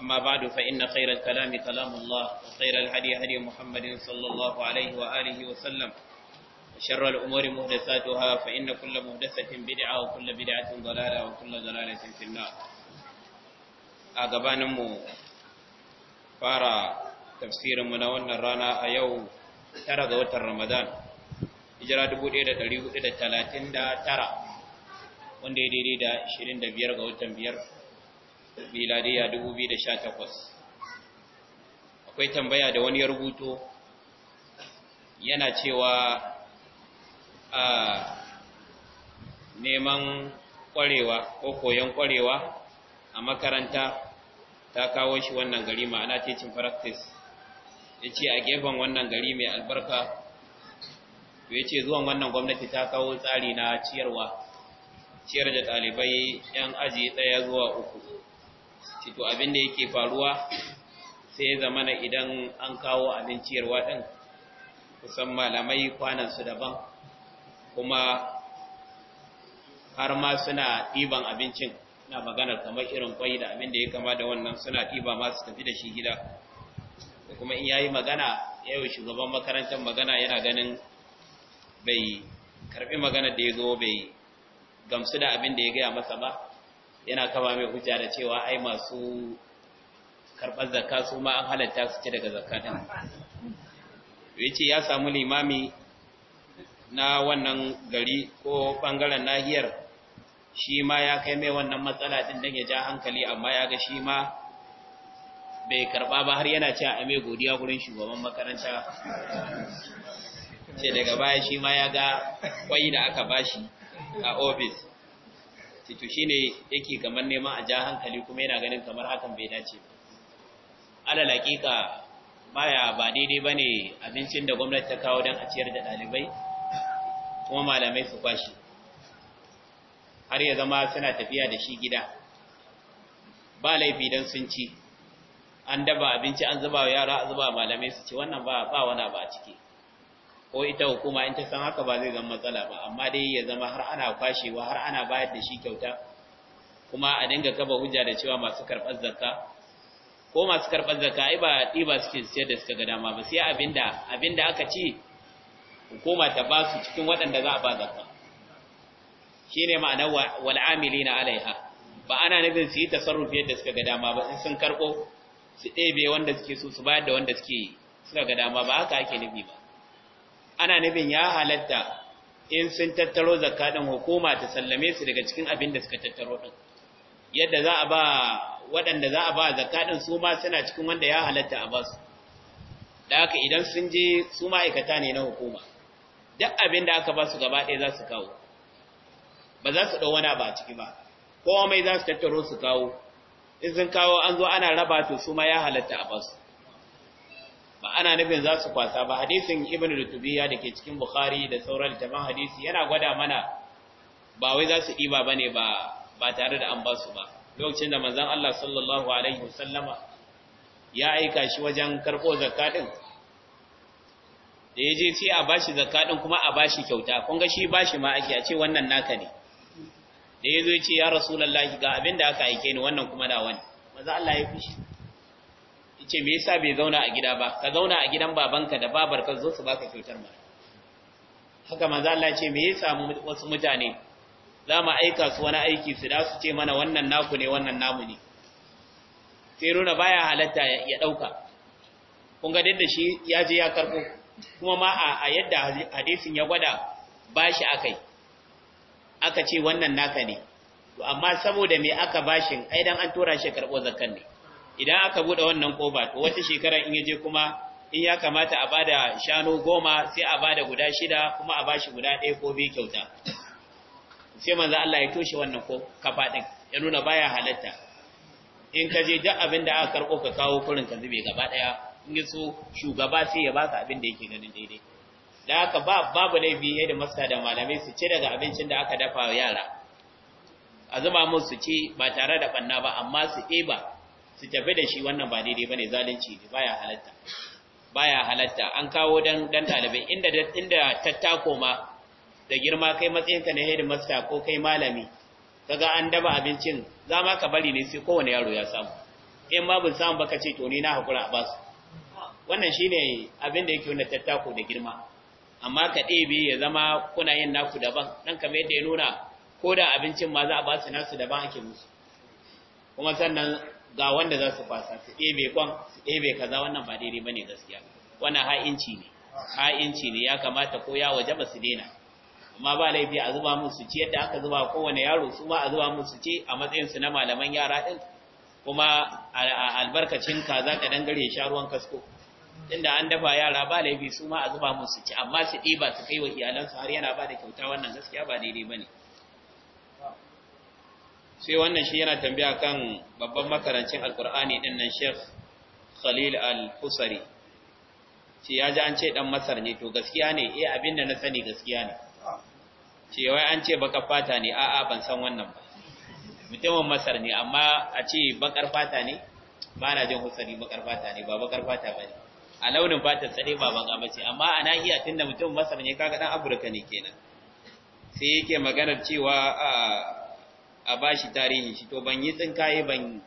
أما بعد فإن خير الكلام كلام الله وخير الهدي هدي محمد صلى الله عليه وآله وسلم وشر الأمور مهدساتها فإن كل مهدسة بدعة وكل بدعة ضلالة وكل ضلالة في النار أقبانمو فارا تفسير منون رانا أيو ترى ذوات رمضان hijira 1439 wanda ya daidai da 25 ga watan 5 miladiya 2018 akwai tambaya da wani ya rubuto yana cewa a neman kwarewa ko koyon kwarewa a makaranta ta kawo shi wannan gari ma'ana teaching practice ya ce a gefen wannan gari mai albarka ya ce zuwan wannan gwamnati ta kawo tsari na ciyarwa ciyar da ɗalibai 'yan aji ɗaya zuwa uku to abin da yake faruwa sai zamana idan an kawo abin ciyarwa ɗin kusan malamai su daban kuma har ma suna ɗiban abincin na maganar kamar irin kwai da abin da ya kama da wannan suna ɗiba masu tafi da shi gida kuma in yayi magana yau shugaban makarantar magana yana ganin bai karbi magana da ya zo bai gamsu da abin da ya gaya masa ba yana kama mai hujja da cewa ai masu karɓar zakka su ma an halatta su ci daga zakka din yace ya samu limami na wannan gari ko bangaren nahiyar shi ma ya kai mai wannan matsala din dan ya ja hankali amma ya ga shi ma bai karba ba har yana cewa a mai godiya gurin shugaban makaranta ce daga baya shi ma ya ga kwai da aka bashi a ofis to shine yake kamar neman a ja hankali kuma yana ganin kamar hakan bai dace ba alal hakika baya ba daidai ba ne abincin da gwamnati ta kawo don a ciyar da ɗalibai kuma malamai su kwashi har ya zama suna tafiya da shi gida ba laifi don sun ci an daba abinci an zuba wa yara a zuba malamai su ci wannan ba ba wani ba a ciki ko ita hukuma in ta san haka ba zai zama matsala ba amma dai ya zama har ana kwashewa har ana bayar da shi kyauta kuma a dinga kaba hujja da cewa masu karɓar zakka ko masu karɓar zakka ai ba ɗiba suke siyar da suka ga dama ba sai abinda abinda aka ce hukuma ta ba su cikin waɗanda za a ba zakka shine ma'anar wal amilina alaiha ba ana nufin su yi tasarrufi yadda suka ga dama ba sun karɓo su ɗebe wanda suke so su bayar da wanda suke suka ga dama ba haka ake nufi ba ana nufin ya halatta in sun tattaro zakaɗin hukuma ta sallame su daga cikin abin da suka tattaro din yadda za a ba waɗanda za a ba zakaɗin su ma suna cikin wanda ya halatta a basu da haka idan sun je su ma'aikata ne na hukuma duk abin da aka ba su gaba ɗaya za su kawo ba za su ɗauwana wani ba ciki ba komai za su tattaro su kawo in sun kawo an zo ana raba to su ma ya halatta a basu ba ana nufin za su kwasa ba hadisin ibn rutubiya da ke cikin bukhari da sauran littafin hadisi yana gwada mana ba wai za su ɗiba ba ne ba tare da an ba su ba lokacin da manzan Allah sallallahu alaihi wasallama ya aika shi wajen karɓo zakaɗin da ya je sai a bashi zakaɗin kuma a bashi kyauta kun ga shi bashi ma ake a ce wannan naka ne da ya zo ya ce ya rasulullahi ga abin aka aike ni wannan kuma da wani manzan Allah ya fushi ce me yasa bai zauna a gida ba ka zauna a gidan babanka da babarka zo su baka kyautar ma haka manzo Allah ce me yasa wasu mutane za mu aika su wani aiki su da su ce mana wannan naku ne wannan namu ne sai baya halatta ya dauka kun ga dinda shi ya je ya karbo kuma ma a yadda hadisin ya gwada bashi akai aka ce wannan naka ne to amma saboda me aka bashin ai dan an tura shi karbo zakkan ne idan aka bude wannan koba to wata shekara in yaje kuma in ya kamata a bada shanu goma sai a bada guda shida kuma a bashi guda ɗaya ko biyu kyauta sai manzo Allah ya toshe wannan kafa din ya nuna baya halatta in ka je duk abin da aka karɓo ka kawo kurin ka zube gaba ɗaya in ya so shugaba sai ya baka abin da yake ganin daidai da haka ba babu laifi yadda masta da malamai su ci daga abincin da aka dafa yara a zama musu ci ba tare da banna ba amma su ɗeba su tafi da shi wannan ba daidai bane zalunci ne baya halatta baya halatta an kawo dan dan inda inda tattako ma da girma kai matsayinka na masta ko kai malami kaga an daba abincin za ma ka bari ne sai kowane yaro ya samu in ma bin samu baka ce to ni na hakura a basu wannan shine abin da yake wannan tattako da girma amma ka ɗebe ya zama kuna yin naku daban dan kamar yadda ya nuna ko da abincin ma za a basu nasu daban ake musu kuma sannan ga wanda za su kwasa su ɗebe kwan su ɗebe kaza wannan ba daidai ne gaskiya wannan ha'inci ne ha'inci ne ya kamata ko ya waje ba su daina amma ba laifi a zuba musu ce yadda aka zuba kowane yaro su ma a zuba musu ce a matsayinsu na malaman yara ɗin, kuma albarkacin kaza ka dangare sha ruwan kasko inda an dafa yara ba laifi su ma a zuba musu ci amma su ɗiba su kai wa iyalansu har yana ba da kyauta wannan gaskiya ba daidai ba ne sai wannan shi yana tambaya kan babban makarancin alkur'ani din nan Sheikh Khalil Al-Husari ce ya ji an ce dan Masar ne to gaskiya ne eh abin da na sani gaskiya ne ce wai an ce baka fata ne a'a ban san wannan ba mutumin Masar ne amma a ce bakar fata ne ba na jin Husari bakar fata ne ba bakar fata ba ne. a launin fatar sa ba baka ce. amma a nahiya tunda mutumin Masar ne kaga dan Afirka ne kenan sai yake maganar cewa a ah, a bashi tarihin shi to ban yi tsinkaye ban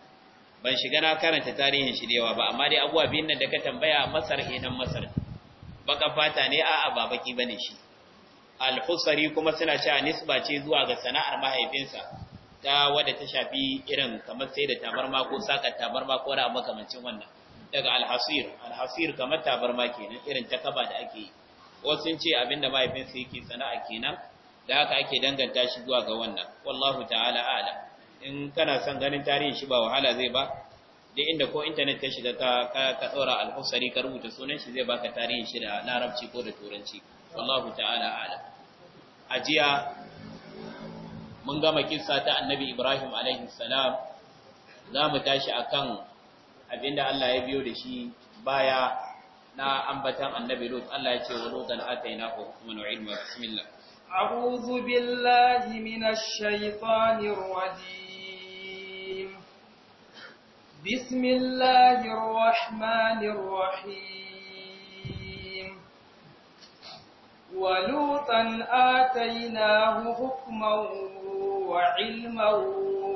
ban shiga na karanta tarihin shi da ba amma dai abuwa biyun nan da ka tambaya Masar eh, nan Masar baka fata ne a'a ba baki bane shi al-Husari kuma suna cewa nisba ce zuwa ga sana'ar mahaifinsa ta wadda ta shafi irin kamar sai da tabarma ko saka tabarma ko da makamancin wannan daga al-Hasir kamar tabarma kenan irin ta kaba da ake yi wasu sun ce abinda mahaifinsa yake sana'a kenan da haka ake danganta shi zuwa ga wannan wallahu ta'ala ala in kana son ganin tarihin shi ba wahala zai ba duk inda ko internet ka shiga ka ka tsora al-Husari ka rubuta sunan shi zai baka tarihin shi da Larabci ko da Turanci wallahu ta'ala ala ajiya mun gama kissa ta Annabi Ibrahim alaihi salam za mu tashi akan abinda Allah ya biyo da shi baya na ambatan Annabi Lut Allah ya ce wa lutan atainahu hukman wa ilma bismillah أعوذ بالله من الشيطان الرجيم بسم الله الرحمن الرحيم ولوطا آتيناه حكما وعلما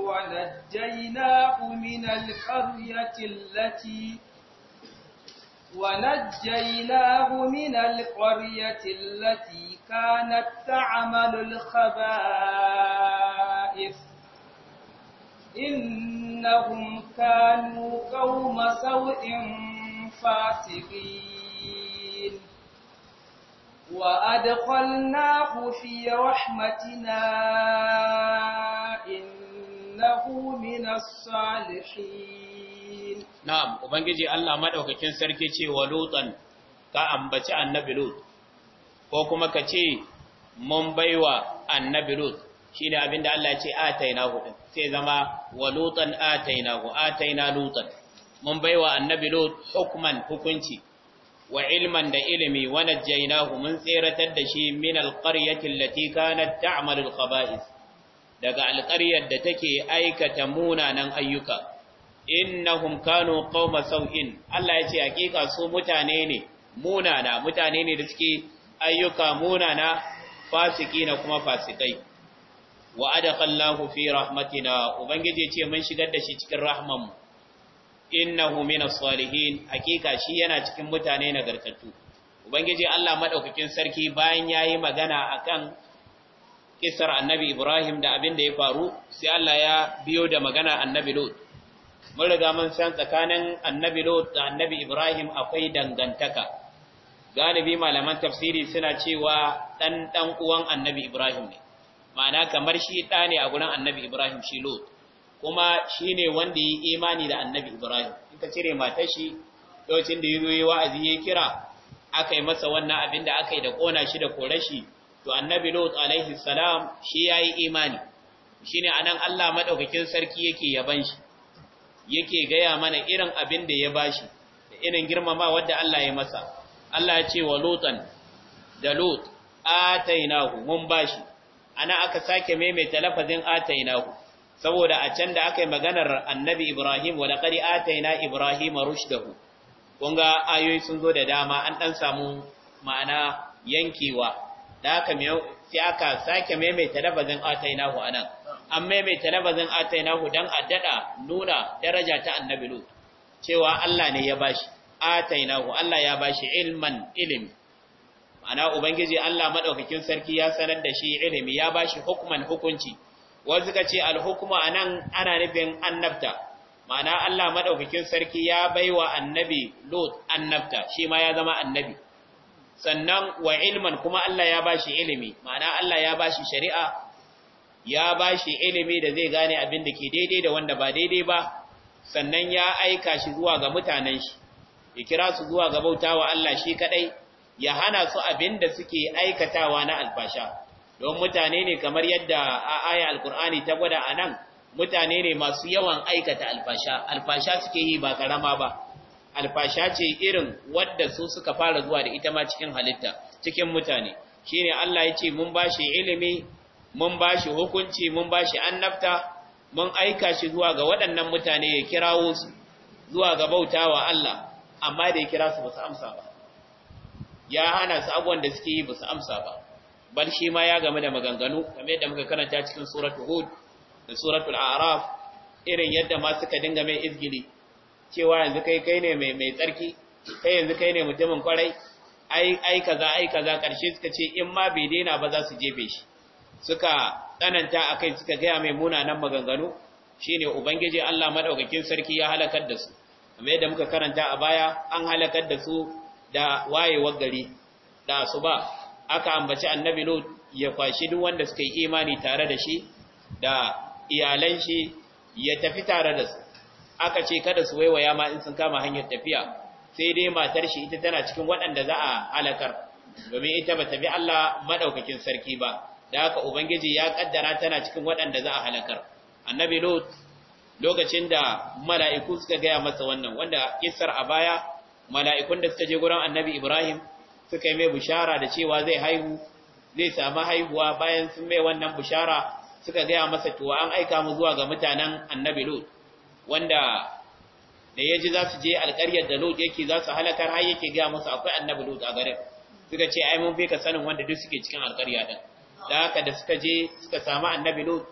ونجيناه من القرية التي ونجيناه من القرية التي كانت تعمل الخبائث إنهم كانوا قوم سوء فاسقين وأدخلناه في رحمتنا إنه من الصالحين نعم وبنجي الله مدعوك كن سركي ولوطا ka ambaci annabi Lut ko kuma ka ce mun baiwa annabi lut ne abinda Allah ya ce hu din sai zama walutan A ataina lutan mun baiwa annabi lut hukman hukunci wa ilman da ilimi wa jainahu mun tseratar da shi min alqaryati allati kanat ta'malu alqaba'is daga alqaryar da take aikata munanan ayyuka innahum kanu qauma sau'in Allah ya ce hakika su mutane ne munana mutane ne da suke ayyuka munana fasiki na kuma fasikai wa adakallahu fi rahmatina ubangiji ce mun shigar da shi cikin rahmanmu innahu minas salihin hakika shi yana cikin mutane nagartattu ubangiji Allah madaukakin sarki bayan yayi magana akan kisar annabi Ibrahim da abin da ya faru sai Allah ya biyo da magana annabi Lut mun riga mun san tsakanin annabi Lut da annabi Ibrahim akwai dangantaka galibi malaman tafsiri suna cewa ɗan ɗan uwan annabi Ibrahim ne, ma'ana kamar shi ɗa ne a gurin annabi Ibrahim shi Lot, kuma shi ne wanda yi imani da annabi Ibrahim, in ka cire matar shi, lokacin da ya yi wa'azi ya kira, aka yi masa wannan abin da aka yi da ƙona shi da kore shi, to annabi Lo alaihi salam shi ya yi imani, shi ne anan Allah maɗaukakin sarki yake yaban shi, yake gaya mana irin abin da ya bashi, da irin girmama wadda Allah ya masa. Allah ya ce wa Lutan da Lut atainahu mun bashi ana aka sake maimaita lafazin atainahu saboda a can da aka yi maganar annabi Ibrahim wa laqad ataina Ibrahim rushdahu kunga ayoyi sun zo da dama an dan samu ma'ana yankewa da aka sai aka sake maimaita lafazin atainahu anan an maimaita lafazin atainahu dan a daɗa nuna daraja ta annabi Lut cewa Allah ne ya bashi atainahu Allah ya bashi ilman ilimi ana ubangiji Allah madaukakin sarki ya sanar da shi ilimi ya bashi hukman hukunci wanda ka ce alhukuma anan ana nufin annabta ma'ana Allah madaukakin sarki ya baiwa annabi Lut annabta shi ma ya zama annabi sannan wa ilman kuma Allah ya bashi ilimi ma'ana Allah ya bashi shari'a ya bashi ilimi da zai gane abin da ke daidai da wanda ba daidai ba sannan ya aika shi zuwa ga mutanen shi ya kira su zuwa ga bautawa Allah shi kadai ya hana su abin da suke aikatawa na alfasha don mutane ne kamar yadda a aya alkur'ani ta gwada anan, mutane ne masu yawan aikata alfasha alfasha suke yi ba karama ba alfasha ce irin wadda su suka fara zuwa da ita ma cikin halitta cikin mutane shine Allah ya ce mun bashi ilimi mun bashi hukunci mun bashi annabta mun aika shi zuwa ga waɗannan mutane ya kirawo su zuwa ga bautawa Allah amma da ya kira su basu amsa ba ya hana su abubuwan da suke yi basu amsa ba bal shi ma ya game da maganganu kamar yadda muka karanta cikin suratul hud da suratul a'raf irin yadda ma suka dinga mai izgili cewa yanzu kai kai ne mai tsarki kai yanzu kai ne mutumin kwarai ai kaza ai kaza karshe suka ce in ma bai daina ba za su jefe shi suka tsananta akai suka gaya mai munanan maganganu shine ubangiji Allah maɗaukakin sarki ya halakar da su kamar yadda muka karanta a baya an halakar da su da wayewar gari da su ba aka ambaci annabi lut ya kwashi duk wanda suka yi imani tare da shi da iyalan shi ya tafi tare da su aka ce kada su waiwaya ma in sun kama hanyar tafiya sai dai matar shi ita tana cikin waɗanda za a halakar domin ita ba ta bi Allah madaukakin sarki ba da haka ubangiji ya kaddara tana cikin waɗanda za a halakar annabi lut lokacin da mala'iku suka gaya masa wannan wanda kisar a baya mala'ikun da suka je gurin annabi Ibrahim suka yi mai bushara da cewa zai haihu zai sami haihuwa bayan sun mai wannan bushara suka gaya masa tuwa an aika mu zuwa ga mutanen annabi lod wanda da ya ji za su je alkaryar da lod yake za su halakar har yake gaya masa akwai annabi lod a garin suka ce ai mun fi ka sanin wanda duk suke cikin alkarya din da haka da suka je suka samu annabi lod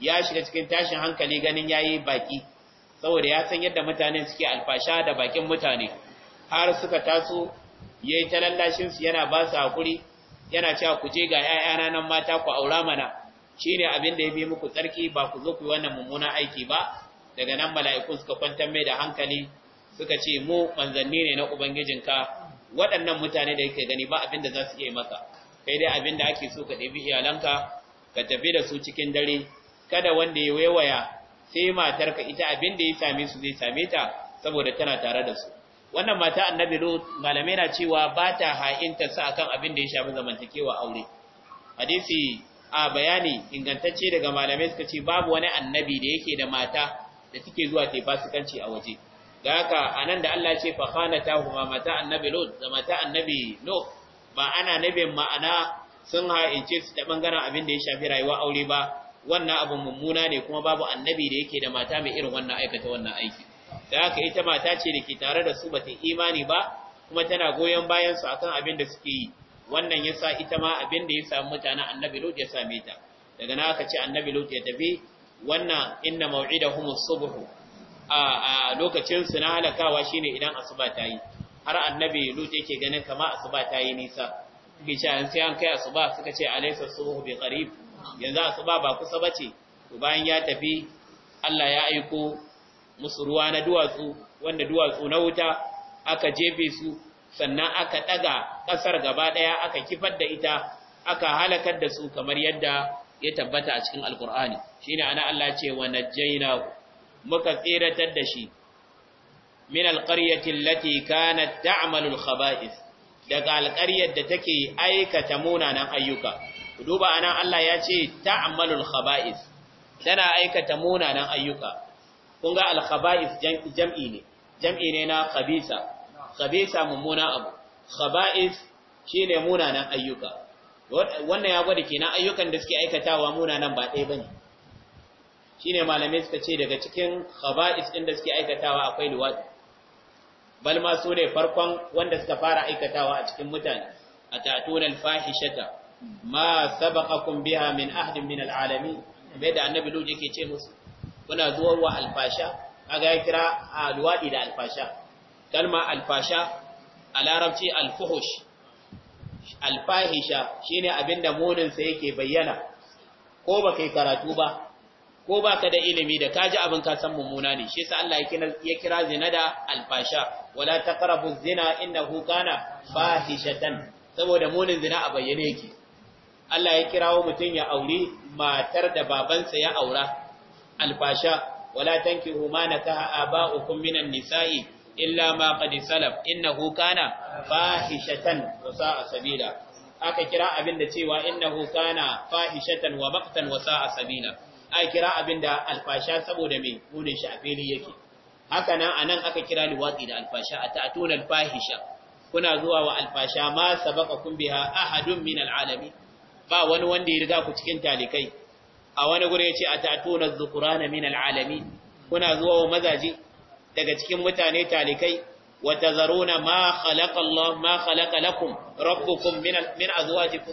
ya shiga cikin tashin hankali ganin yayi baki saboda ya san yadda mutane suke alfasha da bakin mutane har suka taso yayi ta lallashinsu su yana ba su hakuri yana cewa ku je ga 'ya'yana nan mata ku aura mana shine abin da ya bi muku tsarki ba ku zo ku yi wannan mummunan aiki ba daga nan mala'ikun suka kwantar mai da hankali suka ce mu manzanni ne na ubangijinka waɗannan mutane da yake gani ba abin da za su iya maka kai dai abin da ake so ka ɗebi iyalanka ka tafi da su cikin dare kada wanda ya wewaya sai matarka ita abin da ya same su zai same ta saboda tana tare da su wannan mata annabi lut malamai na cewa ba ta ha'inta sa akan abin da ya shafi zamantakewa aure hadisi a bayani ingantacce daga malamai suka ce babu wani annabi da yake da mata da suke zuwa ta fasikanci a waje da haka anan da Allah ce fa khanata huma mata annabi lut da mata annabi no ba ana nabin ma'ana sun ha'ince su ta bangaren abin da ya shafi rayuwar aure ba wannan abu mummuna ne kuma babu annabi da yake da mata mai irin wannan aikata wannan aiki da haka ita mata ce da ke tare da su bata imani ba kuma tana goyon bayan su akan abin da suke yi wannan yasa ita ma abin da ya samu mutanen annabi lut ya same ta daga nan aka ce annabi lut ya tafi wannan inna maw'idahum as-subh a lokacin su na halakawa shine idan asuba ta yi har annabi lut yake ganin kama asuba ta yi nisa kici an sai an kai asuba suka ce alaysa subhu bi qarib yanzu asuba ba kusa bace to bayan ya tafi Allah ya aiko musu ruwa na duwatsu wanda duwatsu na wuta aka jefe su sannan aka ɗaga ƙasar gaba ɗaya, aka kifar da ita aka halakar da su kamar yadda ya tabbata a cikin alkur'ani shine ana Allah ce wa najjayna muka tsiratar da shi min alqaryati allati kanat ta'malu alkhaba'is daga alƙaryar da take aikata munanan ayyuka ku duba anan Allah ya ce ta'ammalul khaba'is tana aikata munanan ayyuka kun ga al khaba'is jam'i ne jam'i ne na khabisa khabisa mummuna abu khaba'is shine munanan ayyuka wannan ya gwada kenan ayyukan da suke aikatawa munanan ba ɗaya bane shine malamai suka ce daga cikin khaba'is din da suke aikatawa akwai luwadi bal ma su ne farkon wanda suka fara aikatawa a cikin mutane a ta'tuna al-fahishata ma sabaqakum biha min ahadin min al'alami, kamar da annabi lut yake ce musu kuna zuwar wa alfasha kaga ya kira alwadi da alfasha kalma alfasha a larabci alfuhush alfahisha shine abinda munin sa yake bayyana ko ba kai karatu ba ko baka da ilimi da kaji abin ka san mummuna ne shi yasa Allah ya kira zina da alfasha wala taqrabu zina innahu kana fahishatan saboda munin zina a bayyane yake Allah ya kirawo mutum ya aure matar da babansa ya aura alfasha wala tankihu ma nakaha aba'ukum minan nisa'i illa ma qad salaf innahu kana fahishatan wa sa'a sabila aka kira abin da cewa innahu kana fahishatan wa maqtan wa sa'a sabila aka kira abin da alfasha saboda me munin shi a fili yake haka nan anan aka kira liwati da alfasha atatuna alfahisha kuna zuwa wa alfasha ma sabaqakum biha ahadun min alalami ba wani wanda ya riga ku cikin talikai a wani gure yace atatuna dhukurana min alalamin kuna zuwa wa mazaji daga cikin mutane talikai wa tazaruna ma khalaqa Allah ma khalaqa lakum rabbukum min min azwajikum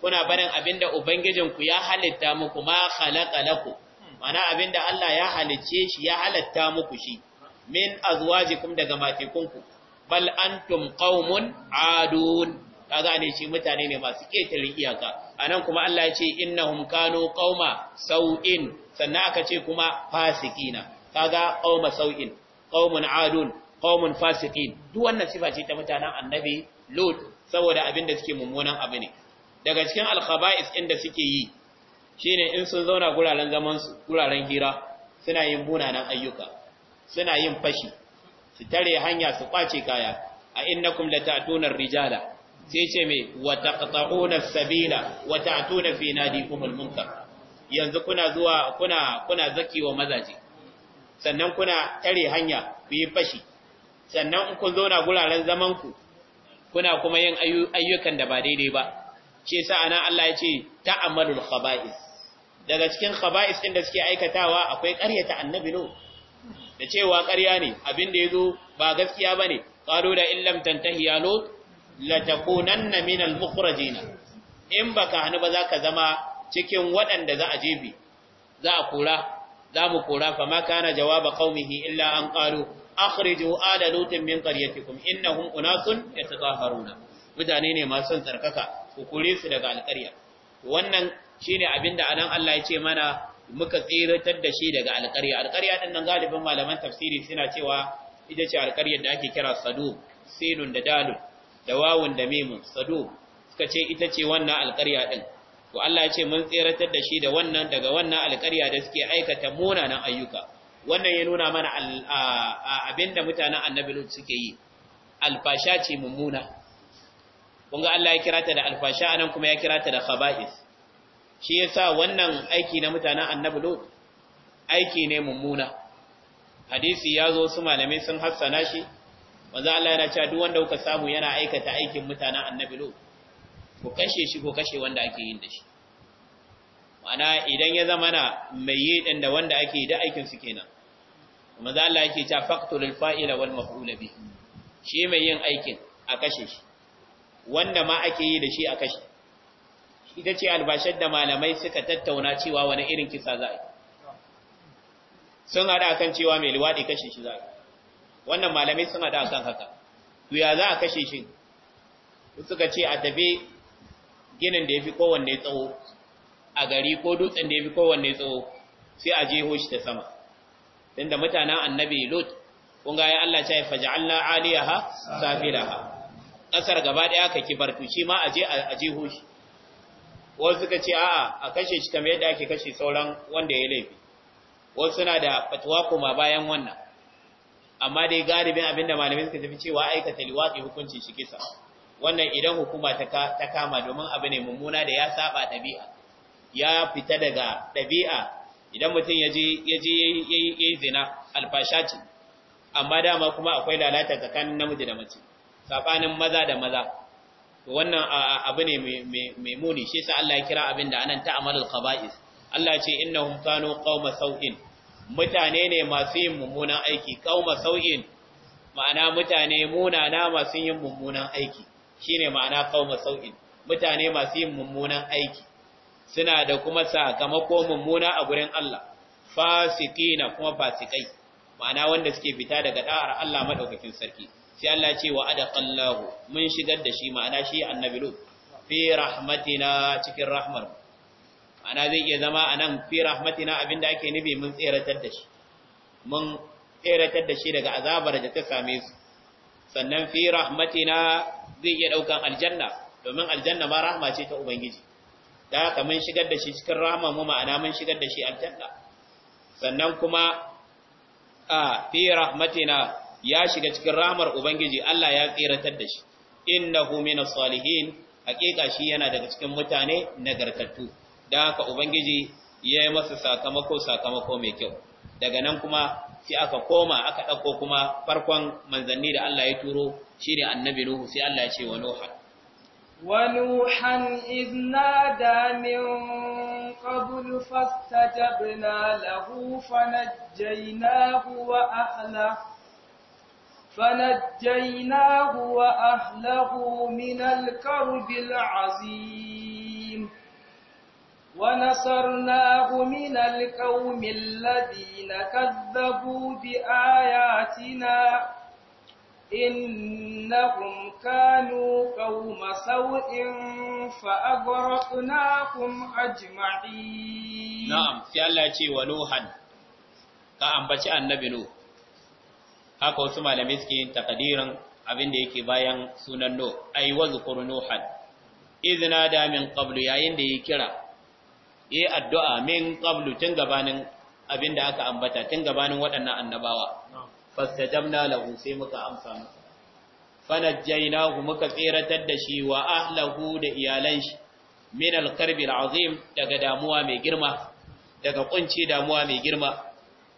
kuna barin abinda ubangijinku ya halitta muku ma khalaqa lakum mana abinda Allah ya halicce shi ya halatta muku shi min azwajikum daga matekunku bal antum qaumun adun kaga ne shi mutane ne masu ketare iyaka anan kuma Allah ya ce innahum kanu qauma sau'in sannan aka ce kuma fasikina kaga qauma sau'in qaumun adun qaumun fasikin duk wannan sifa ce ta mutanen annabi lut saboda abin da suke mummunan abu ne daga cikin alkhaba'is inda suke yi shine in sun zauna guraren zaman su guraren hira suna yin bunanan ayyuka suna yin fashi su tare hanya su kwace kaya a innakum latatuna rijala sai ce mai wata ƙasa'unar sabila wata atunar fi di kumul munka yanzu kuna zuwa kuna zaki wa mazaje sannan kuna tare hanya ku yi fashi sannan in kun zauna guraren zamanku, kuna kuma yin ayyukan da ba daidai ba ce sa ana Allah ya ce ta'amalul khaba'is daga cikin khaba'is din da suke aikatawa akwai ta annabi no da cewa ƙarya ne abin da ya zo ba gaskiya bane qalu da illam tantahi ya lut latakunanna minal mukhrajina in baka hannu ba zaka zama cikin waɗanda za a jebi za a kura za mu kura fa ma kana jawaba qaumihi illa an qalu akhriju ala lutin min qaryatikum innahum unasun yatataharuna mutane ne masu son tsarkaka ku kure su daga alƙarya wannan shine abinda anan Allah ya ce mana muka tsiratar da shi daga alƙarya alƙarya din nan galibin malaman tafsiri suna cewa ita ce alƙaryar da ake kira sadu sinun da dalun da wawun da mimun sadu suka ce ita ce wannan alƙarya din to Allah ya ce mun tseratar da shi da wannan daga wannan alƙarya da suke aikata munanan ayyuka wannan ya nuna mana abinda mutanen annabi lut suke yi alfasha ce mummuna kun ga Allah ya kira ta da alfasha anan kuma ya kira ta da khaba'is shi yasa wannan aiki na mutanen annabi lut aiki ne mummuna hadisi ya zo su malamai sun hassana shi manzo Allah yana cewa duk wanda kuka samu yana aikata aikin mutanen annabi lo ko kashe shi ko kashe wanda ake yin da shi ma'ana idan ya zama na mai yi din da wanda ake da aikin su kenan manzo Allah yake cewa faqtul fa'ila wal maf'ul bi shi mai yin aikin a kashe shi wanda ma ake yi da shi a kashe ita ce albashar da malamai suka tattauna cewa wani irin kisa za a yi sun hada kan cewa mai liwaɗi kashe shi za a yi wannan malamai suna da akan haka to ya za a kashe shi suka ce a tafi ginin da yafi kowanne tsawo a gari ko dutsen da yafi kowanne tsawo sai a jeho shi ta sama tunda mutanen annabi lut kun ga ya Allah ya faj'alna aliyaha safilaha kasar gaba daya ka kibar to shi ma a je a jeho shi wasu suka ce a'a a kashe shi kamar yadda ake kashe sauran wanda ya laifi wasu suna da fatuwa kuma bayan wannan amma dai galibin abinda malamai suka tafi cewa aikata liwaki hukuncin shi kisa wannan idan hukuma ta kama domin abu ne mummuna da ya saba ɗabi'a ya fita daga ɗabi'a idan mutum ya je ya zina alfasha ce amma dama kuma akwai lalata tsakanin namiji da mace tsakanin maza da maza to wannan abu ne mai muni shi yasa Allah ya kira abin da anan ta'amalul qaba'is Allah ce innahum kanu qauma sau'in mutane ne masu yin mummunan aiki kauma sau'in ma'ana mutane muna na masu yin mummunan aiki shine ma'ana kauma sau'in mutane masu yin mummunan aiki suna da kuma sakamako mummuna a gurin Allah fasikina kuma fasikai ma'ana wanda suke fita daga da'ar Allah maɗaukakin sarki sai Allah ce wa adaqallahu mun shigar da shi ma'ana shi annabi fi rahmatina cikin rahmar ana zai iya zama a nan fi rahmatina abinda ake nufi mun tseratar da shi mun tseratar da shi daga azabar da ta same su sannan fi rahmatina zai iya daukan aljanna domin aljanna ma rahma ce ta ubangiji da haka mun shigar da shi cikin rahama mu ma'ana mun shigar da shi aljanna sannan kuma a fi rahmatina ya shiga cikin rahmar ubangiji Allah ya tseratar da shi innahu minas salihin hakika shi yana daga cikin mutane nagartattu Da haka ubangiji ya yi masa sakamako sakamako mai kyau daga nan kuma sai aka koma aka ɗauko kuma farkon manzanni da Allah ya turo shi ne annabi Nuhu sai Allah ya ce wa Nuha. ونوحا إذ نادى من قبل فاستجبنا له فنجيناه وأهله فنجيناه وأهله من الكرب العظيم ونصرناه من القوم الذين كذبوا بآياتنا إنهم كانوا قوم سوء فأغرقناهم أجمعين نعم في الله ونوحا كأنبتي النبي نوح haka wasu malamai suke yin abin da yake bayan sunan Nuh ai wa zikru Nuhan idna qablu yayin da yake kira yi addu'a min qablu tun gabanin abin da aka ambata tun gabanin waɗannan annabawa fastajabna lahu sai muka amsa masa fanajjaynahu muka tseratar da shi wa ahlahu da iyalan shi min alkarbi alazim daga damuwa mai girma daga kunci damuwa mai girma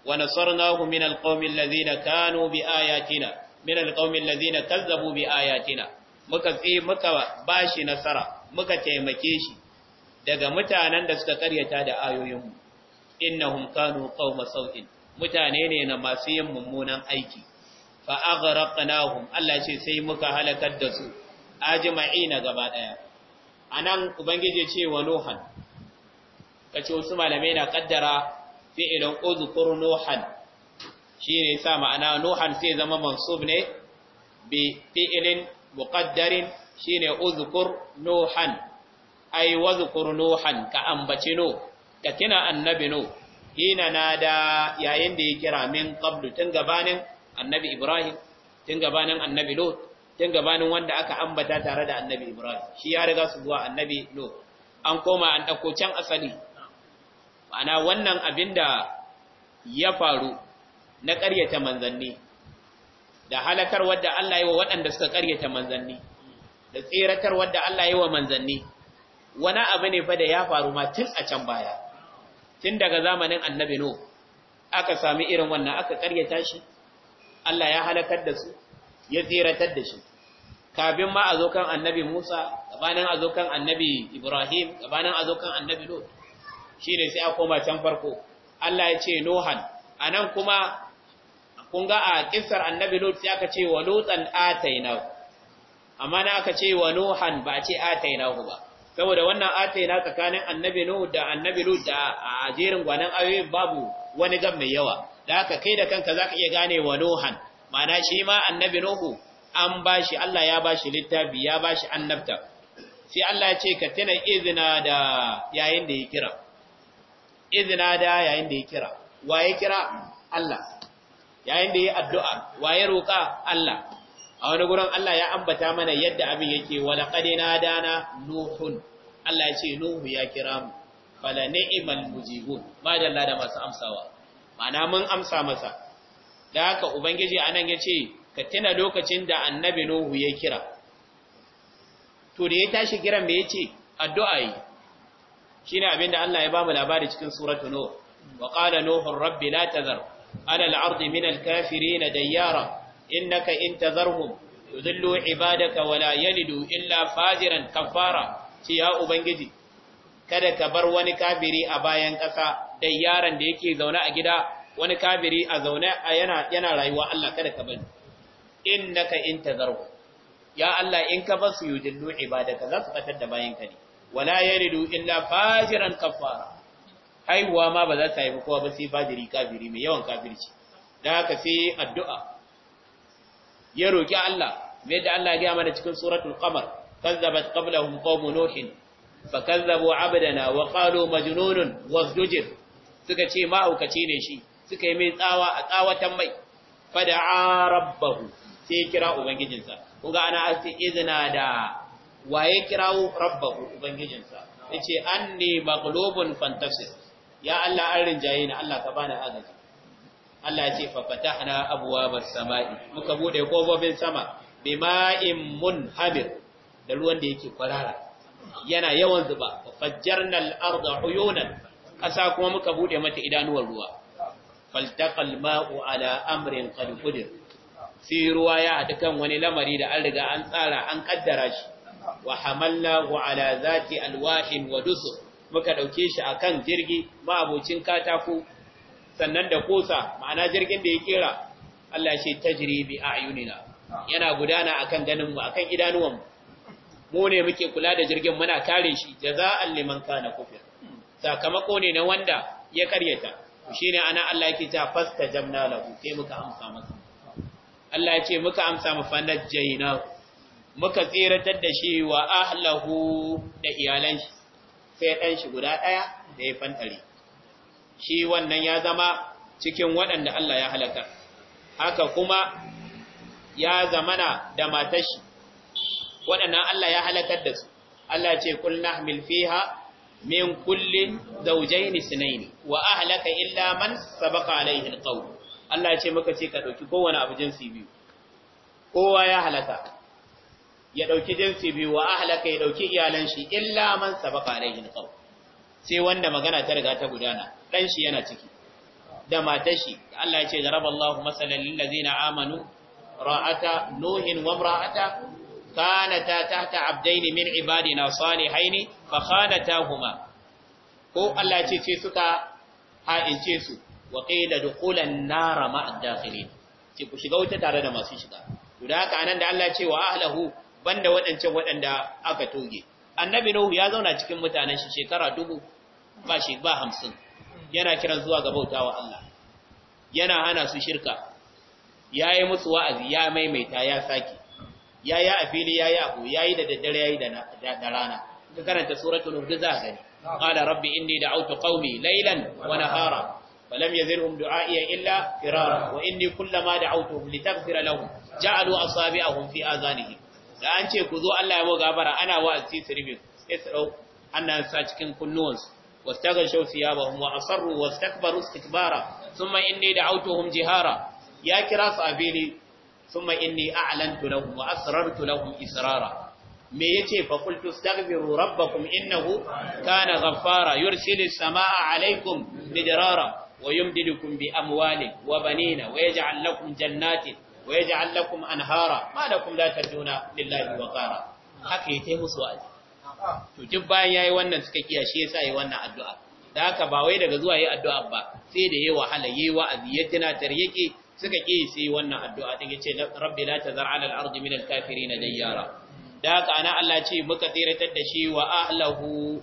wa nasarnahu min alqawmi Lazina kanu bi ayatina min alqawmi Lazina kazzabu bi ayatina muka tsi muka ba shi nasara muka taimake shi daga mutanen da suka karyata da ayoyinmu innahum kanu qauma sau'in mutane ne na masu yin mummunan aiki fa aghraqnahum Allah ce sai muka halakar da su ajma'ina gaba daya anan ubangije ce wa nuhan kace wasu malamai na kaddara fi'ilan uzkur nuhan shine sa ma'ana nuhan sai zama mansub ne bi fi'ilin muqaddarin shine uzkur nuhan ai wazkur nuhan ka ambaci no ka kina annabi no hina nada yayin da ya kira min qablu tun gabanin annabi ibrahim tun gabanin annabi lut tun gabanin wanda aka ambata tare da annabi ibrahim shi ya riga su zuwa annabi lut an koma an dauko can asali ma'ana wannan abinda ya faru na ƙaryata manzanni da halakar wadda Allah yi wa waɗanda suka ƙaryata manzanni da tseratar wadda Allah yi wa manzanni wani abu ne fa da ya faru ma tun a can baya tun daga zamanin annabi no aka sami irin wannan aka karyata shi Allah ya halakar da su ya tsiratar da shi kafin ma a zo kan annabi Musa gabanin a zo kan annabi Ibrahim gabanin a zo kan annabi Lot shine sai a koma can farko Allah ya ce Nohan anan kuma kun ga a kissar annabi Lot sai aka ce wa lotan atainahu amma na aka ce wa Nohan ba a ce atainahu ba saboda wannan ataina tsakanin annabi nuhu da annabi lut da a jerin gwanin ayoyin babu wani gam mai yawa da haka kai da kanka zaka iya gane wa nuhan ma'ana shi ma annabi nuhu an bashi Allah ya bashi littafi ya bashi annabta sai Allah ya ce ka tana izina da yayin da ya kira izina da yayin da ya kira waye kira Allah yayin da ya addu'a waye roka Allah a wani gurin Allah ya ambata mana yadda abin yake wala qadina dana nuhun Allah ya ce Nuhu ya kira mu fala ni'mal mujibun ba da Allah da masu amsawa ma'ana mun amsa masa da haka ubangiji anan ya ce ka tuna lokacin da annabi Nuhu ya kira to da ya tashi kiran me yace addu'a yi shine abinda Allah ya ba mu labari cikin suratu Nuh wa qala Nuhu rabbi la tazar ala al-ardi min al-kafirin dayyara innaka in tazarhum yudhillu ibadaka wa la yalidu illa fajiran kafara ce ya ubangiji kada ka bar wani kabiri a bayan ƙasa da yaron da yake zaune a gida wani kabiri a zaune a yana yana rayuwa Allah kada ka bari innaka in ya Allah in ka basu yujillu ibadaka za su batar da bayan ka ne wala yaridu illa fajiran kafara haihuwa ma ba za ta haifi kowa ba sai fajiri kafiri mai yawan kafirci da haka sai addu'a ya roki Allah me da Allah ya ga mana cikin suratul qamar kazzabat qablahum qaumu nuhin fakazzabu abdana wa qalu majnunun wasdujir suka ce mahaukaci ne shi suka yi mai tsawa a tsawatan mai fada'a rabbahu sai kira ubangijinsa kun ga ana asti izina da waye kirawo rabbahu ubangijinsa yace anni maghlubun fantasir ya Allah an rinjaye ni Allah ka bani agaji Allah ya ce fa fatahna abwabas samai muka bude kofofin sama bima'in munhamir da ruwan da yake kwarara yana yawan zuba fajjarna al-arda uyunan ƙasa kuma muka bude mata idanuwar ruwa faltaqal ma'u ala amrin qad qudir sai ruwa ya hada wani lamari da an riga an tsara an kaddara shi wa wa ala zati alwahin wa dusur muka dauke shi akan jirgi ma'abocin katako sannan da kosa ma'ana jirgin da ya kera Allah shi jirebi a a'yunina yana gudana akan ganin mu akan idanuwan mu mu ne muke kula da jirgin muna kare shi jaza'an liman kana kufir sakamako ne na wanda ya karyata shine ana Allah yake ta jamna lahu sai muka amsa masa Allah ya ce muka amsa mu fanajjayna muka tsiratar da shi wa ahlahu da iyalan shi sai dan shi guda daya da ya fantare shi wannan ya zama cikin waɗanda Allah ya halaka haka kuma ya zamana da matashi waɗannan Allah ya halakar da su Allah ce kul nahmil fiha min kulli zawjayn isnayn wa ahlaka illa man sabaqa alayhi alqawl Allah ce muka ce ka ɗauki kowane abu jinsi biyu kowa ya halaka ya ɗauki jinsi biyu wa ahlaka ya dauki iyalan shi illa man sabaqa alayhi alqawl sai wanda magana ta riga ta gudana ɗan shi yana ciki da matar shi Allah ya ce daraballahu masalan lil amanu ra'ata nuhin wa kanata tahta abdaini min ibadina salihaini fa khanatahuma ko Allah ce sai suka ha'ince su wa qila duqulan nar ma'a dakhilin ku shiga wuta tare da masu shiga Guda da haka anan da Allah ce wa ahlahu banda waɗancan waɗanda aka toge annabi nuhu ya zauna cikin mutanen shi shekara dubu ba shi ba hamsin yana kiran zuwa ga bautawa Allah yana hana su shirka ya yi musu wa'azi ya maimaita ya sake yayi a fili yayi a Ya yi da daddare yi da rana ka karanta suratul hud za gani qala rabbi inni da'awtu qaumi laylan wa nahara falam yazirhum du'a'i illa firara wa inni kullama da'awtuhum litaghfira lahum ja'alu asabi'ahum fi azanihim da an ce ku zo Allah ya mu gabara ana wa'azi sirbi sai su dau annan sa cikin kunnuwansu واستغشوا ثيابهم وأصروا da استكبارا ثم إني Ya kira su a fili. Suma inni a'lantu lahum wa asrartu lahum israra me yace fa qultu astaghfiru rabbakum innahu kana ghaffara yursilu as-samaa'a 'alaykum midrara wa yumdidukum bi amwalin wa banina wa yaj'al lakum jannatin wa yaj'al lakum anhara ma lakum la taduna lillahi waqara haka yake musu wa'azi to duk bayan yayi wannan suka kiya shi yasa yayi wannan addu'a da haka ba wai daga zuwa yayi addu'a ba sai da yayi wahala yayi wa'azi ya tunatar yake suka ƙi su yi wannan addu'a ta ce rabbi la tazar ala al-ardi min al-kafirin dayyara da ana Allah ce muka tsiratar da shi wa ahlahu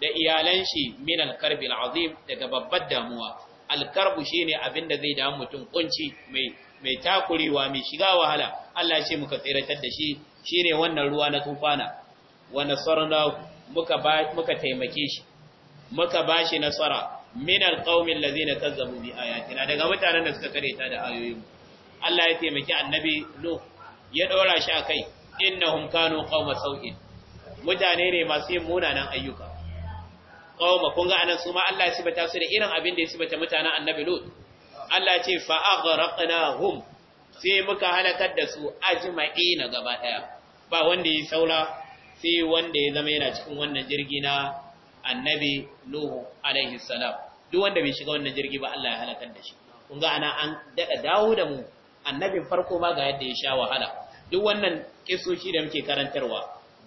da iyalan shi min al-karbi al-azim daga babbar damuwa al-karbu shine abin da zai damu mutum kunci mai mai takurewa mai shiga wahala Allah ce muka tsiratar da shi shine wannan ruwa na tufana wa nasarna muka muka taimake shi muka bashi nasara min alqaumin lazina kazzabu bi na daga mutanen da suka karyata da ayoyin Allah ya taimaki annabi Nuh ya ɗora shi akai innahum kanu qauma sau'in mutane ne masu yin munanan ayyuka qauma kun ga anan su ma Allah ya sibata su da irin abin da ya sibata mutanen annabi Lut Allah ya ce fa aghraqnahum sai muka halakar da su ajma'ina gaba daya ba wanda ya saura sai wanda ya zama yana cikin wannan jirgi na annabi Nuhu alaihi salam duk wanda bai shiga wannan jirgi ba Allah ya halakar da shi kun ga ana an daɗa dawo da mu annabin farko ma ga yadda ya sha wahala duk wannan kisoshi da muke karantarwa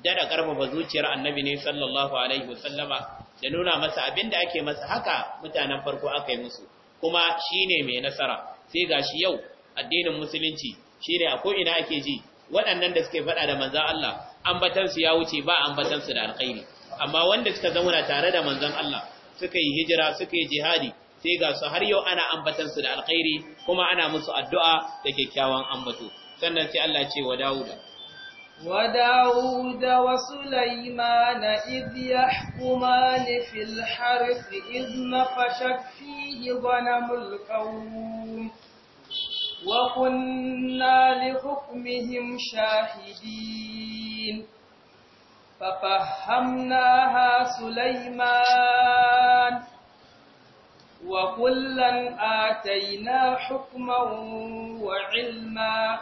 daɗa karfafa zuciyar annabi ne sallallahu alaihi wasallama da nuna masa abin da ake masa haka mutanen farko aka yi musu kuma shine mai nasara sai gashi yau addinin musulunci shine a ko'ina ake ji waɗannan da suke faɗa da manza Allah ambatansu ya wuce ba ambatansu da alkhairi amma wanda suka zauna tare da manzon Allah suka yi hijira suka yi jihadi sai ga su har yau ana ambatan su da alkhairi kuma ana musu addu'a da kyakkyawan ambato sannan sai Allah ce wa Dawuda وداود وسليمان إذ يحكمان في الحرث إذ نفشت فيه غنم القوم وكنا لحكمهم شاهدين ففهمناها سليمان وكلا آتينا حكما وعلما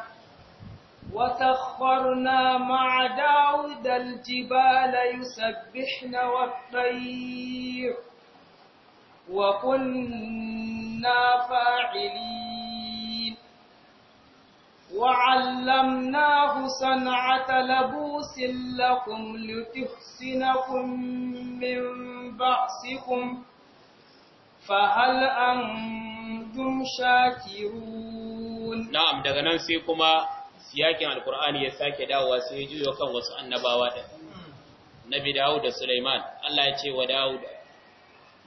وسخرنا مع داود الجبال يسبحن والطير وكنا فاعلين وعلمناه صنعة لبوس لكم لتحسنكم من بأسكم فهل أنتم شاكرون نعم daga nan sai kuma siyakin alqur'ani ya sake dawowa sai ya juyo kan wasu annabawa da Nabi Dawud da Sulaiman Allah ya ce wa Dawud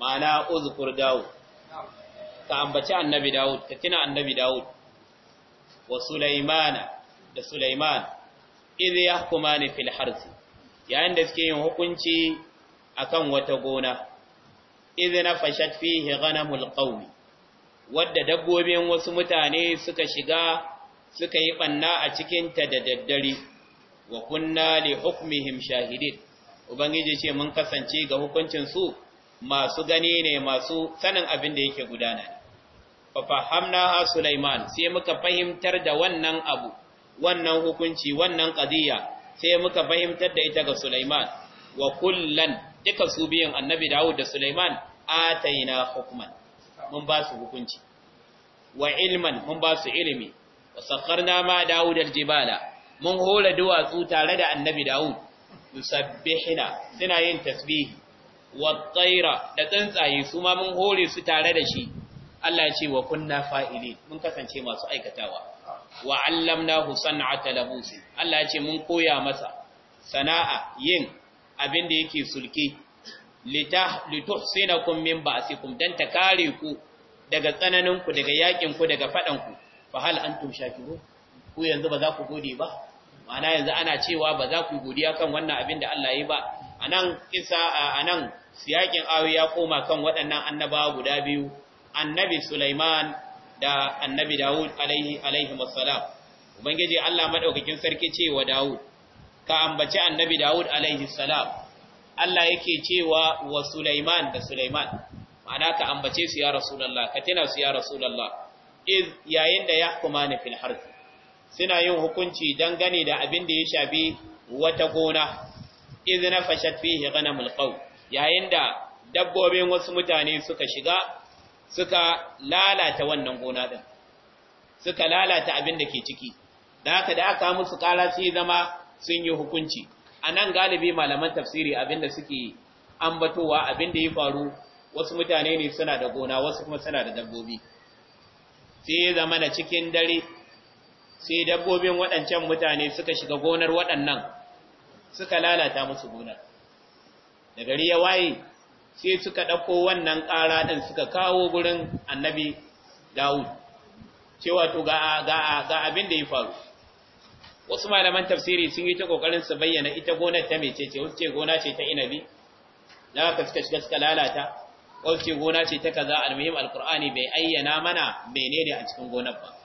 ma'ana uzkur Dawud ka ambaci annabi Dawud ka tuna annabi Dawud wa Sulaimana da Sulaiman idh yahkumani fil harth yayin da suke yin hukunci akan wata gona idh nafashat fihi ghanamul qawm wadda dabbobin wasu mutane suka shiga suka yi banna a cikin ta da daddare wa kunna li hukmihim shahidin ubangiji ce mun kasance ga hukuncin su masu gani ne masu sanin abin da yake gudana fahamna ha Sulaiman sai muka fahimtar da wannan abu wannan hukunci wannan qadiya sai muka fahimtar da ita ga Sulaiman wa kullan duka su biyan annabi Dawud da Sulaiman ataina hukman mun ba su hukunci wa ilman mun ba su ilimi wa sakharna ma Dawud al-jibala mun hora duwatsu tare da annabi Dawud yusabbihina suna yin tasbihi wa tsaira da tsuntsaye su ma mun hore su tare da shi Allah ya ce wa kunna fa'ili mun kasance masu aikatawa wa allamnahu san'ata husan Allah ya ce mun koya masa sana'a yin abin da yake sulke lituhsinakum min ba'sikum dan ta kare ku daga tsananin ku daga yakin ku daga fadan ku fa hal antum shakirun ku yanzu ba za ku gode ba ma'ana yanzu ana cewa ba za ku godiya kan wannan abin da Allah ya yi ba anan kisa anan siyakin awi ya koma kan waɗannan annabawa guda biyu annabi Sulaiman da annabi Dawud alaihi wassalam ubangiji Allah maɗaukakin sarki cewa Dawud ka ambaci annabi Dawud alaihi salam Allah yake cewa wa Sulaiman da Sulaiman ma'ana ka ambace su ya rasulullah ka tana su ya rasulullah iz yayin da yahkuma ni fil suna yin hukunci dangane da abin da ya shafi wata gona iz nafashat fihi ghanamul qaw yayin da dabbobin wasu mutane suka shiga suka lalata wannan gona din suka lalata abin da ke ciki da haka da aka musu kara sai zama sun yi hukunci anan galibi malaman tafsiri abin da suke ambatowa abin da ya faru wasu mutane ne suna da gona wasu kuma suna da dabbobi sai zama na cikin dare sai dabbobin waɗancan mutane suka shiga gonar waɗannan suka lalata musu gona, da gari ya waye sai suka ɗauko wannan ƙara ɗin suka kawo gurin annabi Dawud, cewa to ga abin da ya faru. Wasu malaman tafsiri sun yi ta ƙoƙarin su bayyana ita gonar ta mece ce, wasu ce gona ce ta inabi, na ka suka shiga suka lalata, wasu ce gona ce ta kaza almuhim alkur'ani bai ayyana mana menene a cikin gonar ba.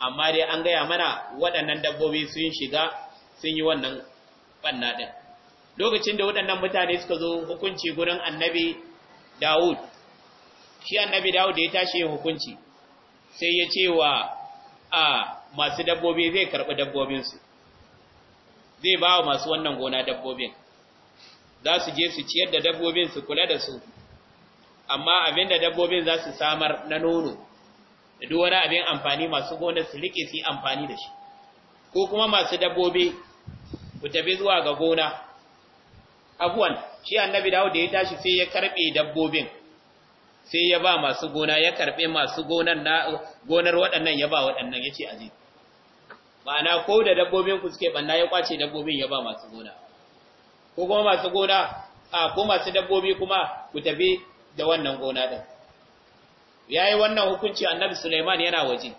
Amma dai an gaya mana waɗannan dabbobi sun shiga sun yi wannan ɓanna lokacin da waɗannan mutane suka zo hukunci gurin annabi Dawud shi annabi Dawud da ya tashi yin hukunci sai ya ce wa a masu dabbobi zai karɓi dabbobinsu zai ba wa masu wannan gona dabbobin za su je su ciyar da dabbobin su kula da su amma abin da dabbobin za su samar na nono da duk wani abin amfani masu gona su rike su yi amfani da shi ko kuma masu dabbobi ku tafi zuwa ga gona abuwan shi annabi dawo da ya tashi sai ya karbe dabbobin sai ya ba masu gona ya karbe masu gonan na gonar waɗannan ya ba waɗannan yace aje ma'ana ko da dabbobin ku suke banna ya kwace dabbobin ya ba masu gona ko kuma masu gona a ko masu dabbobi kuma ku tafi da wannan gona din yayi wannan hukunci annabi Sulaiman yana waje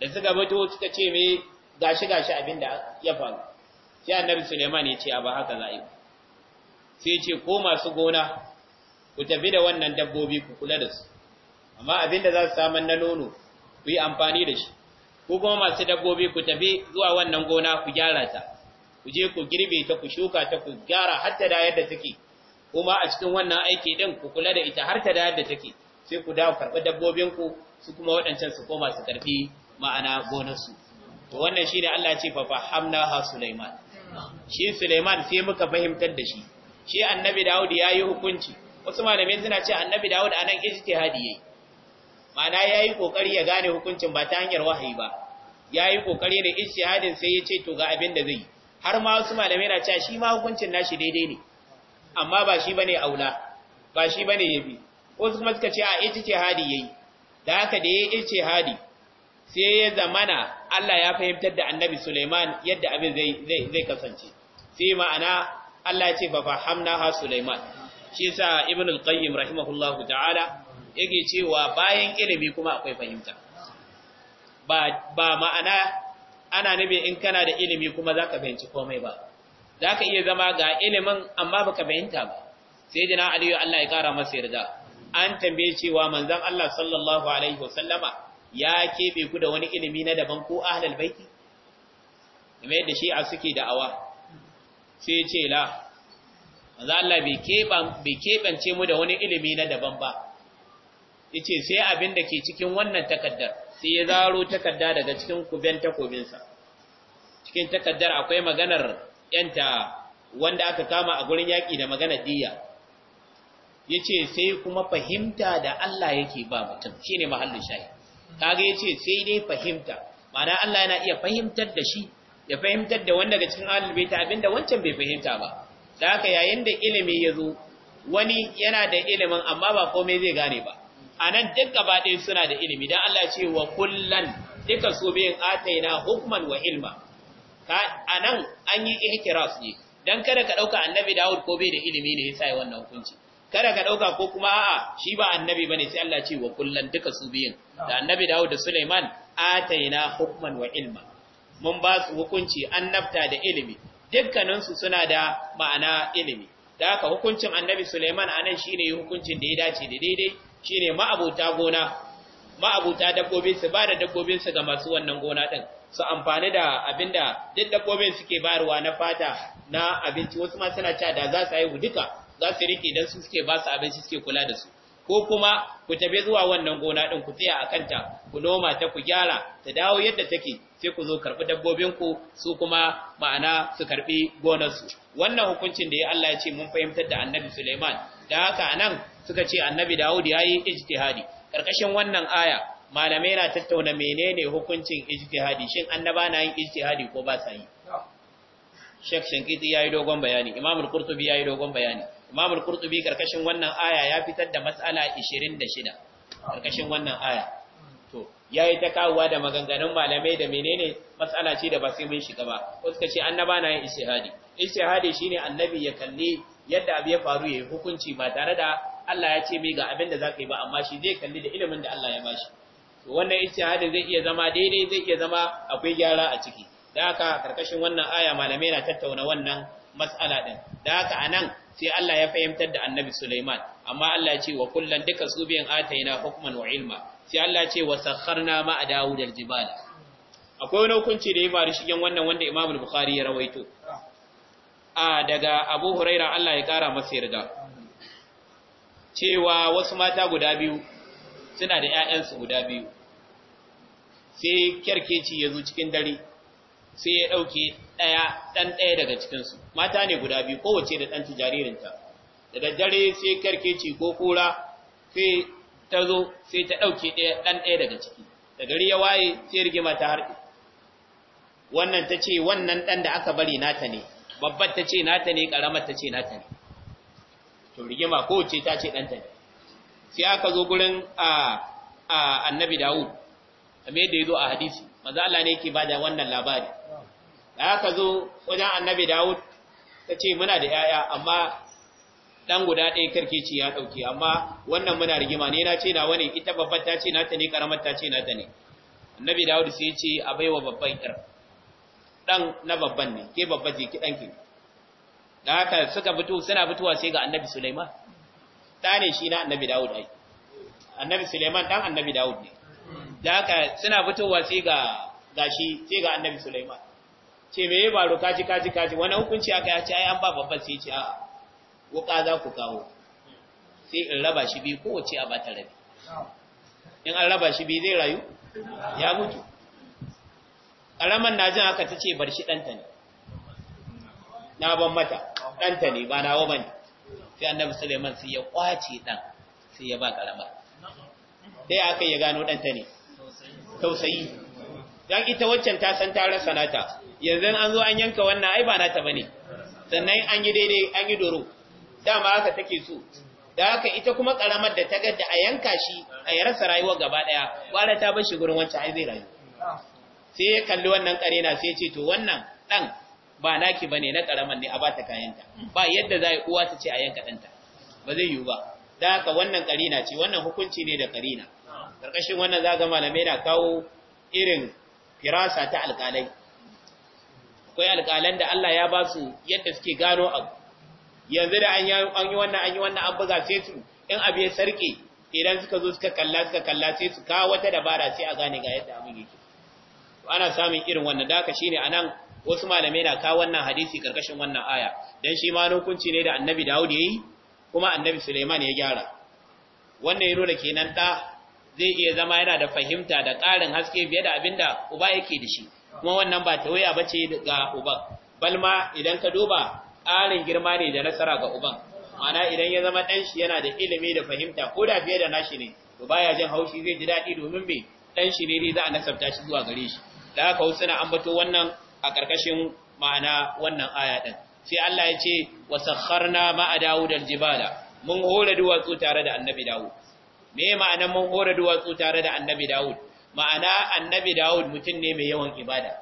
da suka mutu suka ce me gashi gashi abinda ya faru sai annabi Sulaiman ya ce a ba haka za a yi sai ce ko masu gona ku tafi da wannan dabbobi ku kula da su amma abin da za su saman na nono ku yi amfani da shi ku kuma masu dabbobi ku tafi zuwa wannan gona ku gyara ta ku je ku girbe ta ku shuka ta ku gyara har ta da take kuma a cikin wannan aiki din ku kula da ita har ta da yadda take sai ku dawo karɓi dabbobinku su kuma waɗancan su koma su karfi ma'ana gonarsu to wannan shine Allah ya ce fa fahamna ha Sulaiman shi Sulaiman sai muka fahimtar da shi shi annabi Dawud ya yi hukunci wasu malamai suna cewa annabi Dawud anan ijtihadi yayi ma'ana yayi kokari ya gane hukuncin ba ta hanyar wahayi ba yayi kokari da ijtihadin sai ya ce to ga abin da zai har ma wasu malamai na cewa shi ma hukuncin nashi daidai ne amma ba shi bane aula ba shi bane yabi wasu kuma suka ce a ijtihadi yayi da haka da yayi ijtihadi sai ya zamana Allah ya fahimtar da Annabi Sulaiman yadda abin zai zai kasance sai ma'ana Allah ya ce ba ha Sulaiman shi yasa Ibn al-Qayyim rahimahullahu ta'ala yake cewa bayan ilimi kuma akwai fahimta ba ba ma'ana ana nabi in kana da ilimi kuma zaka fahimci komai ba zaka iya zama ga ilimin amma baka fahimta ba sai dana Aliyu, Allah ya kara masa yarda an tambaye cewa manzon Allah sallallahu alaihi wasallama ya kebe ku da wani ilimi na daban ko ahlul baiti kamar yadda a suke da'awa sai ya ce la manzo Allah bai keɓance mu da wani ilimi na daban ba yace sai abin da ke cikin wannan takaddar sai ya zaro takadda daga cikin kuben takobinsa cikin takaddar akwai maganar yanta wanda aka kama a gurin yaki da maganar diya yace sai kuma fahimta da Allah yake ba mutum shine mahallin shayi kaga yace sai dai fahimta ma'ana Allah yana iya fahimtar da shi ya fahimtar da wanda ga cikin ahlul baiti abinda wancan bai fahimta ba da haka yayin da ilimi ya zo wani yana da ilimin amma ba komai zai gane ba anan duk gaba ɗaya suna da ilimi dan Allah ce wa kullan duka su biyin ataina hukman wa ilma ka anan an yi ihtiras ne dan kada ka dauka annabi Dawud ko bai da ilimi ne yasa yi wannan hukunci kada ka ɗauka ko kuma a'a shi ba annabi bane sai Allah ce wa kullan duka su biyan, da annabi Dawud da Sulaiman ataina hukman wa ilma mun ba su hukunci annabta da ilimi dukkaninsu suna da ma'ana ilimi da haka hukuncin annabi Suleiman anan shine hukuncin da ya dace da daidai shine ma'abuta gona ma'abuta dabbobi su ba da dabbobin ga masu wannan gona din su amfani da abinda duk dabbobin suke bayarwa na fata na abinci wasu ma suna cewa da za su haihu duka za su rike dan su suke ba su abinci suke kula da su ko kuma ku tafi zuwa wannan gona din ku tsaya a kanta ku noma ta ku gyara ta dawo yadda take sai ku zo karbi dabbobin ku su kuma ma'ana su karɓi gonarsu. wannan hukuncin da ya Allah ya ce mun fahimtar da Annabi Sulaiman da haka anan suka ce Annabi Dawud yi ijtihadi karkashin wannan aya malamai na tattauna menene hukuncin ijtihadi shin annaba na yin ijtihadi ko ba sa yi Sheikh Shankiti yi dogon bayani Imam Al-Qurtubi yi dogon bayani Imam al-Qurtubi karkashin wannan aya ya fitar da mas'ala 26 karkashin wannan aya to yayi ta kawuwa da maganganun malamai da menene mas'ala ce da ba sai mun shiga ba ko suka ce annaba na yin istihadi istihadi shine annabi ya kalli yadda abu ya faru yayi hukunci ba tare da Allah ya ce mai ga abin da zaka yi ba amma shi zai kalli da ilimin da Allah ya bashi to wannan istihadi zai iya zama daidai zai iya zama akwai gyara a ciki da haka karkashin wannan aya malamai na tattauna wannan mas'ala din da haka anan sai Allah ya fahimtar da Annabi Sulaiman amma Allah ya ce wa kullan duka su biyan ataina hukman wa ilma sai Allah ce wa sakharna ma dawo da jibal akwai wani hukunci da ya faru shigen wannan wanda Imam bukhari ya rawaito a daga Abu Huraira Allah ya kara masa yarda cewa wasu mata guda biyu suna da 'ya'yansu guda biyu sai kyarkeci ya zo cikin dare sai ya ɗauke ɗaya ɗan ɗaya daga cikinsu mata ne guda biyu kowace da ɗanta jaririnta da daddare sai karkeci ko kura sai ta zo sai ta ɗauke ɗan ɗaya daga ciki da gari ya waye sai rigima ta harɗe wannan ta ce wannan ɗan da aka bari nata ne babbar ta ce nata ne ƙaramar ta ce nata ne to rigima kowace ta ce ɗanta ne sai aka zo gurin a annabi dawud kamar yadda ya zo a hadisi manzo Allah ne yake bada wannan labari da aka zo wajen annabi Dawud ta ce muna da ‘ya'ya amma ɗan guda ɗaya karkeci ya ɗauke amma wannan muna rigima ne na ce na wani ita babbar ta ce na ta ne ƙaramar ta ce na ta ne annabi Dawud sai ce a baiwa babban ƙir ɗan na babban ne ke babba je ki ɗanki da aka suka fito suna fitowa sai ga annabi Sulaiman ɗa ne shi na annabi Dawud ai annabi Sulaiman ɗan annabi Dawud ne da aka suna fitowa sai ga gashi sai ga annabi Sulaiman ce me ya baro kaji kaji kaji wani hukunci aka ya ce ai an ba babban sai ce a'a wuka za ku kawo sai in raba shi biyu kowace a bata rabi in an raba shi biyu zai rayu ya mutu ƙaramin na jin aka ta ce bar shi ɗanta ne na ban mata ɗanta ne ba na wa ne sai annabi suleiman sai ya kwace ɗan sai ya ba ƙaramar sai aka ya gano ɗanta ne tausayi don ita waccan ta san ta rasa nata yanzu an zo an yanka wannan ai ba nata bane sannan an yi daidai an yi doro dama haka take so da haka ita kuma karamar da ta gadda a yanka shi a yarsa rasa rayuwa gaba daya kwara ta bar shi gurin wancan ai zai rayu sai ya kalli wannan karena sai ya ce to wannan dan ba naki bane na karamar ne a bata kayanta ba yadda za uwa ta ce a yanka danta ba zai yiwu ba da haka wannan karina ce wannan hukunci ne da karina karkashin wannan zaga malamai na kawo irin firasa ta alƙalai. akwai alƙalan da Allah ya ba su yadda suke gano abu yanzu da an yi wannan an yi wannan an buga sai su in abu ya sarke idan suka zo suka kalla suka kalla sai su kawo wata dabara sai a gane ga yadda abin yake ana samun irin wannan da haka shine anan wasu malamai na kawo wannan hadisi karkashin wannan aya dan shi ma hukunci ne da annabi Dawud yi kuma annabi Suleiman ya gyara wannan ya nuna kenan da zai iya zama yana da fahimta da ƙarin haske biye da abin da uba yake da shi kuma wannan ba ta ba ce ga uban balma idan ka duba ƙarin girma ne da nasara ga uban ma'ana idan ya zama ɗanshi yana da ilimi da fahimta ko da fiye da nashi ne to baya jin haushi zai ji daɗi domin me dan shi ne za a nasabta shi zuwa gare shi da haka wasu na ambato wannan a ƙarƙashin ma'ana wannan aya din sai Allah ya ce wa sakharna ma'a Dawud al mun hore duwatsu tare da Annabi Dawud me ma'anan mun hore duwatsu tare da Annabi Dawud ma'ana annabi Dawud mutum ne mai yawan ibada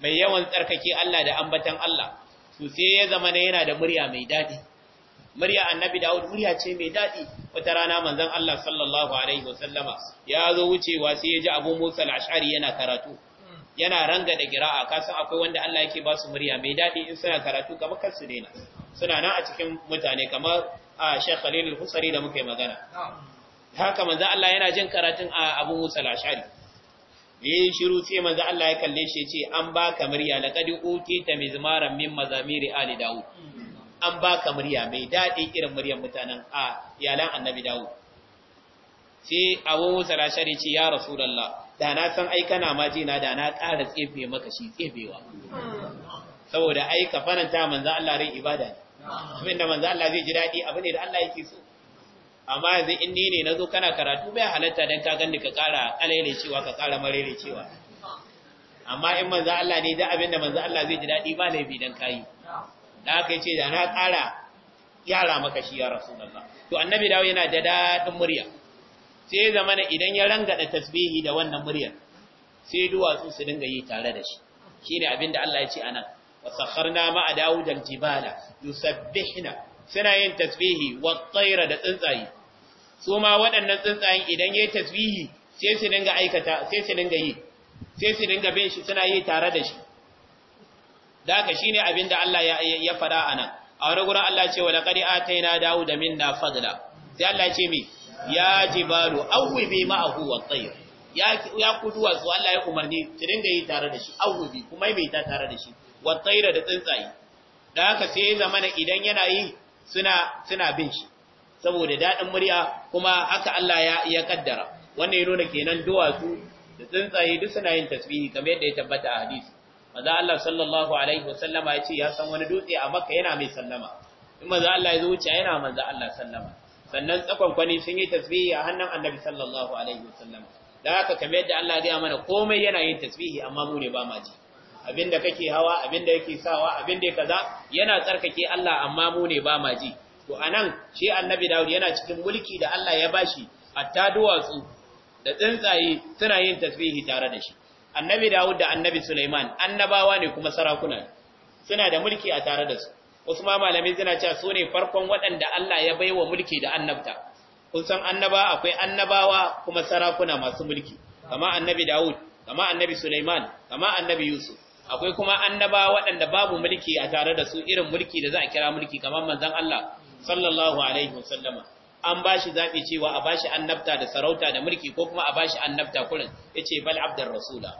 mai yawan tsarkake Allah da ambatan Allah to sai ya zama ne yana da murya mai dadi murya annabi Dawud murya ce mai dadi wata rana manzon Allah sallallahu alaihi wasallama ya zo wucewa sai ya ji Abu Musa al-Ash'ari yana karatu yana ranga da kira'a kasan akwai wanda Allah yake ba su murya mai daɗi in suna karatu kamar kansu daina suna nan a cikin mutane kamar a Sheikh Khalil al-Husari da muke magana haka manzo Allah yana jin karatun a Abu Musa al-Ashari yin shiru sai manzo Allah ya kalle shi ce an ba ka murya laqad ta mizmaran min mazamiri ali daud an ba ka murya mai dadi irin muryar mutanen a iyalan annabi daud sai Abu Sarashari ce ya rasulullah da na san ai kana ma ji na da na ƙara tsefe maka shi tsefewa saboda ai ka faranta manzo Allah rai ibada ne abinda manzo Allah zai ji dadi abu ne da Allah yake so amma yanzu in ni ne nazo kana karatu bai halatta dan ka ganni ka kara alaile cewa ka kara marele cewa amma in manza Allah ne da abinda manza Allah zai ji daɗi ba laifi don kai da yi ce da na kara yara maka shi ya rasulullah to annabi dawo yana da daɗin murya sai zamana idan ya rangada tasbihi da wannan muryar sai duwatsu su dinga yi tare da shi Shi ne abinda Allah ya ce anan wa nama ma'a dawud da jibala yusabbihna suna yin tasbihi wa tsaira da tsuntsaye su ma waɗannan tsuntsayen idan yi tasbihi sai su dinga aikata sai su dinga yi sai su dinga bin shi suna yi tare da shi da haka ne abin da Allah ya faɗa anan a wani gurin Allah ce wa da ataina dauda minna fadla sai Allah ce mi ya jibalu awwibi ma'ahu wa tsair ya ku su Allah ya umarni su dinga yi tare da shi awwibi kuma mai ta tare da shi wa tsaira da tsuntsaye da haka sai ya zama idan yana yi suna suna bin shi saboda dadin murya kuma haka Allah ya ya kaddara wannan ya nuna kenan duwatsu da tsuntsaye duk suna yin tasbihi kamar yadda ya tabbata a hadisi manzo Allah sallallahu alaihi wasallama ya ce ya san wani dutse a Makka yana mai sallama in manzo Allah ya zo wuce yana manzo Allah sallama sannan tsakon sun yi tasbihi a hannun Annabi sallallahu alaihi wasallama da haka kamar yadda Allah ya ga mana komai yana yin tasbihi amma mu ne ba ma ji abinda kake hawa abinda yake sawa abinda kaza yana tsarkake Allah amma mu ne ba ma ji to anan shi annabi Dawud yana cikin mulki da Allah ya bashi hatta duwatsu da tsuntsaye suna yin tasbihi tare da shi annabi Dawud da annabi Sulaiman annabawa ne kuma sarakuna suna da mulki a tare da su wasu ma malamai suna cewa su ne farkon waɗanda Allah ya baiwa mulki da annabta kun san annaba akwai annabawa kuma sarakuna masu mulki kama annabi Dawud kama annabi Sulaiman kama annabi Yusuf akwai kuma annaba waɗanda babu mulki a tare da su irin mulki da za a kira mulki kamar manzon Allah sallallahu alaihi wasallama an bashi zabi cewa a bashi annabta da sarauta da mulki ko kuma a bashi annabta kullun yace bal abdur rasula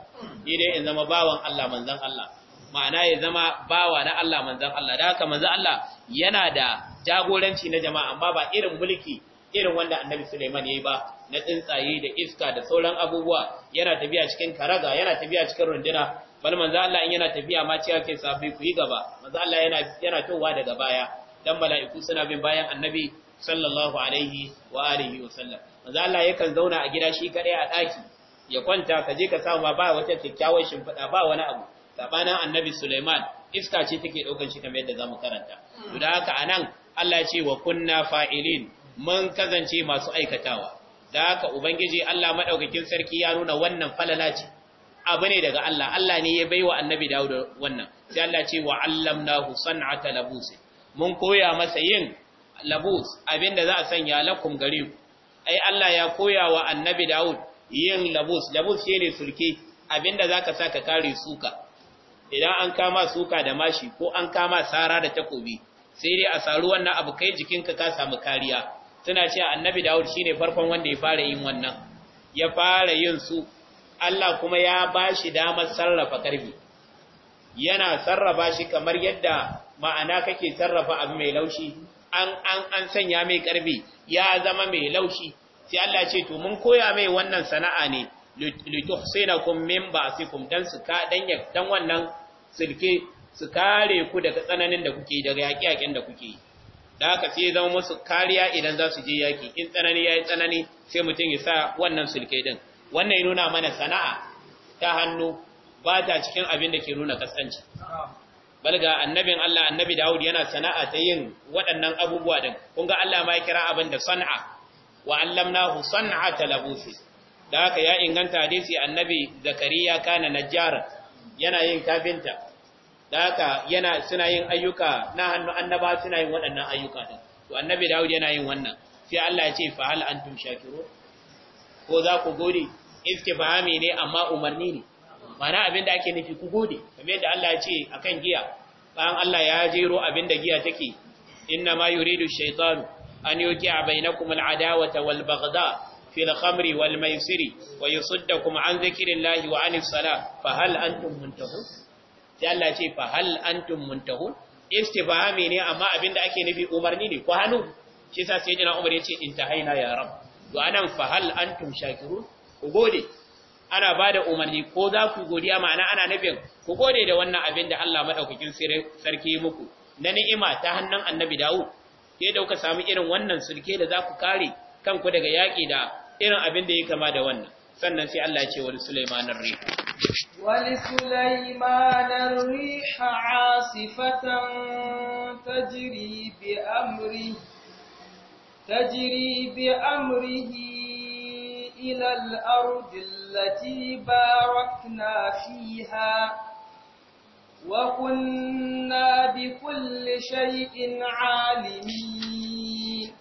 ni dai in zama bawan Allah manzon Allah ma'ana ya zama bawa na Allah manzon Allah da haka manzon Allah yana da jagoranci na jama'a amma ba irin mulki irin wanda annabi Suleiman yayi ba na tsuntsaye da iska da sauran abubuwa yana tafiya cikin karaga yana tafiya cikin runduna wal manzo Allah in yana tafiya ma cewa kai sahabbai ku yi gaba manzo Allah yana yana towa daga baya dan mala'iku suna bin bayan annabi sallallahu alaihi wa alihi wa sallam manzo Allah yakan zauna a gida shi kadai a daki ya kwanta ka je ka samu ba wata kyakkyawar shimfiɗa ba wani abu sabanin annabi Sulaiman iska ce take daukan shi kamar yadda zamu karanta to da haka anan Allah ya ce wa kunna fa'ilin mun kazance masu aikatawa da haka ubangiji Allah madaukakin sarki ya nuna wannan falala ce abu ne daga Allah Allah ne ya bai wa annabi Dawud wannan sai Allah ce wa allamnahu labus mun koya masa yin labus abinda za a sanya lakum gari ku ai Allah ya koya wa annabi Dawud yin labus labus ne sulke abinda sa ka kare suka idan an kama suka da mashi ko an kama sara da takobi sai dai a saru wannan abu kai jikinka ka samu kariya suna ce annabi Dawud ne farkon wanda ya fara yin wannan ya fara yin su Allah kuma ya ba shi damar sarrafa ƙarfi yana sarrafa shi kamar yadda ma'ana kake sarrafa abu mai laushi an an an sanya mai ƙarfi ya zama mai laushi sai Allah ce to mun koya mai wannan sana'a ne lituhsinakum min ba'sikum dan su ka dan wannan silke su kare ku daga tsananin da kuke daga yaƙi-yaƙin da kuke yi da haka sai zama musu kariya idan za su je yaki in tsanani ya yi tsanani sai mutum ya sa wannan sulke din wannan ya nuna mana sana'a ta hannu ba ta cikin abin da ke nuna kasance balga annabin Allah annabi Dawud yana sana'a ta yin waɗannan abubuwa din kun ga Allah ma ya kira abin da san'a wa allamnahu san'ata labusi da haka ya inganta hadisi annabi Zakariya kana najjar yana yin kafinta da haka yana suna yin ayyuka na hannu annaba suna yin waɗannan ayyuka din to annabi Dawud yana yin wannan sai Allah ya ce fa hal antum shakiru ko za ku gode istifhami ne amma umarni ne mana abin da ake nufi ku gode kamar yadda Allah ya ce akan giya bayan Allah ya jero abin da giya take inna ma yuridu shaytanu an yuqi'a bainakum al'adawata wal baghdha fi al-khamri wal maisiri wa yusuddakum an dhikrillahi wa anis salah fa hal antum muntahun sai Allah ce fa hal antum muntahun istifhami ne amma abin da ake nufi umarni ne ku hannu shi yasa sayyidina Umar ya ce intahaina ya rab to anan fa hal antum shakirun ku gode ana bada umarni ko za ku godiya ma'ana ana nufin ku gode da wannan abin da Allah madaukakin sarki muku na ni'ima ta hannun annabi Dawu, ke dauka samu irin wannan sulke da za ku kare kanku daga yaki da irin abin da ya kama da wannan sannan sai Allah ya ce wani Sulaiman ar-Rih wali Sulaiman ar-Rih asifatan tajri bi amri tajri bi amrihi إلى الأرض التي باركنا فيها وكنا بكل شيء عالمين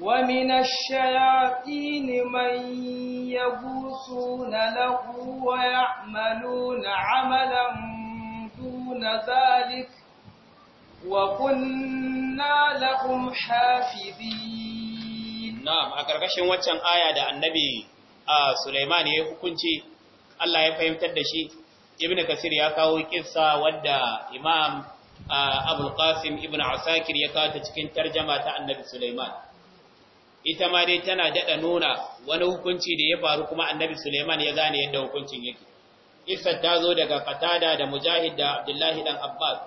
ومن الشياطين من يبوسون له ويعملون عملا دون ذلك وكنا لهم حافظين na'am a karkashin waccan aya da annabi a Sulaiman ya hukunci Allah ya fahimtar da shi Ibn Kasir ya kawo kissa wadda Imam Abul Qasim Ibn Asakir ya kawo ta cikin tarjama ta annabi Sulaiman ita ma dai tana daɗa nuna wani hukunci da ya faru kuma annabi Sulaiman ya gane yadda hukuncin yake Kissa ta zo daga Fatada da Mujahid da Abdullahi dan Abbas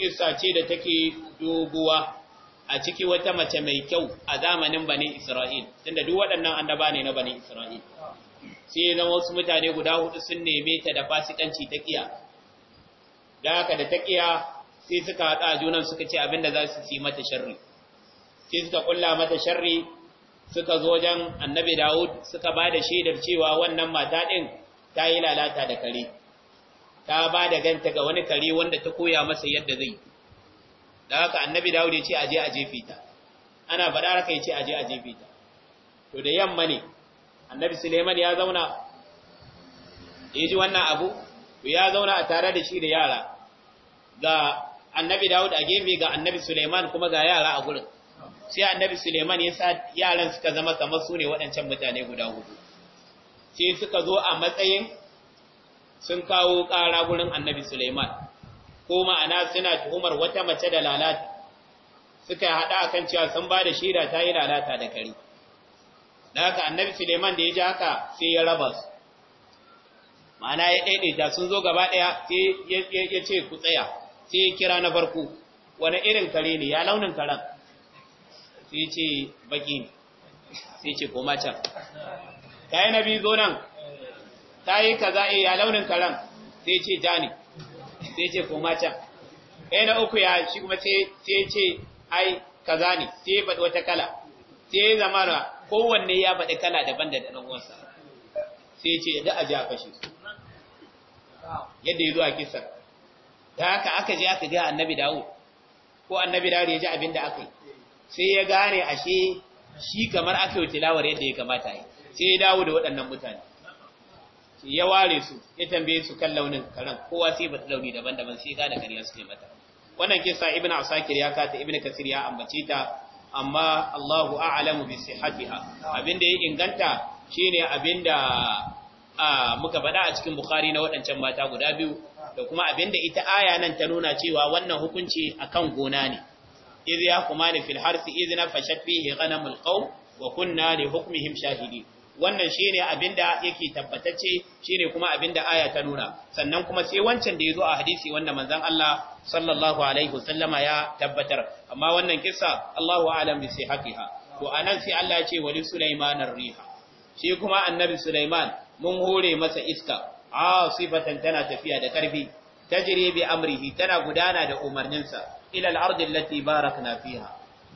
kissa ce da take doguwa a ciki wata mace mai kyau a zamanin bani Isra'il, tunda duk waɗannan annaba ne na bani Isra'il. Sai zama wasu mutane guda hudu sun neme ta da fasikanci ta kiya. Da haka da ta kiya sai suka haɗa a junan suka ce abinda za su ci mata sharri. Sai suka kulla mata sharri suka zo wajen annabi Dawud suka ba da shaidar cewa wannan mata ɗin ta yi lalata da kare. Ta ba da ganta ga wani kare wanda ta koya masa yadda zai yi. da haka annabi Dawud ya ce aje a jefe ta ana faɗa raka ya ce aje a jefe ta to da yamma ne annabi Suleiman ya zauna ya ji wannan abu to ya zauna a tare da shi da yara ga annabi Dawud a gefe ga annabi Suleiman kuma ga yara a gurin sai annabi Suleiman ya sa yaran suka zama kamar su ne waɗancan mutane guda hudu sai suka zo a matsayin sun kawo ƙara gurin annabi Suleiman ko ma'ana suna tuhumar wata mace da lalata suka hada akan cewa sun ba da shaida ta yi lalata da kare da haka annabi Suleiman da ya ji haka sai ya raba su ma'ana ya ta sun zo gaba daya sai ya ce ku tsaya sai ya kira na farko wani irin kare ne ya launin karen sai ya ce baki ne sai ya ce koma can ta yi na biyu zo nan ta yi kaza eh, ya launin karen sai ya ce ja ne sai ce koma can ɗaya na uku ya shi kuma sai ce ai kaza ne sai ya faɗi wata kala sai ya zama na kowanne ya faɗi kala daban da ɗan uwansa sai ce da a ji a su yadda ya zo a kisa da haka aka je aka ga annabi dawo ko annabi dawo ya ji abin da aka yi sai ya gane ashe shi kamar aka yi tilawar yadda ya kamata yi sai ya dawo da waɗannan mutane ya ware su ya tambaye su kan launin karen kowa sai ba launi daban-daban sai gane kariya suke mata wannan kisa Ibn asakir ya kata ibnu kasir ya ambace ta amma Allahu a'lamu bi sihhatiha abinda ya inganta shine da muka faɗa a cikin bukhari na waɗancan mata guda biyu da kuma abinda ita aya nan ta nuna cewa wannan hukunci akan gona ne idh yahkumani fil harsi idh nafashat fihi ghanamul qawm wa kunna li hukmihim shahidin wannan shine abin da yake tabbatacce shine kuma abin da aya ta nuna sannan kuma sai wancan da ya zo a hadisi wanda manzan Allah sallallahu alaihi wasallama ya tabbatar amma wannan kissa Allahu a'lam bi sihaqiha to anan sai Allah ya ce wali Sulaiman riha shi kuma annabi Sulaiman mun hore masa iska asifatan tana tafiya da karfi tajri bi amrihi tana gudana da umarninsa ila al-ardi allati barakna fiha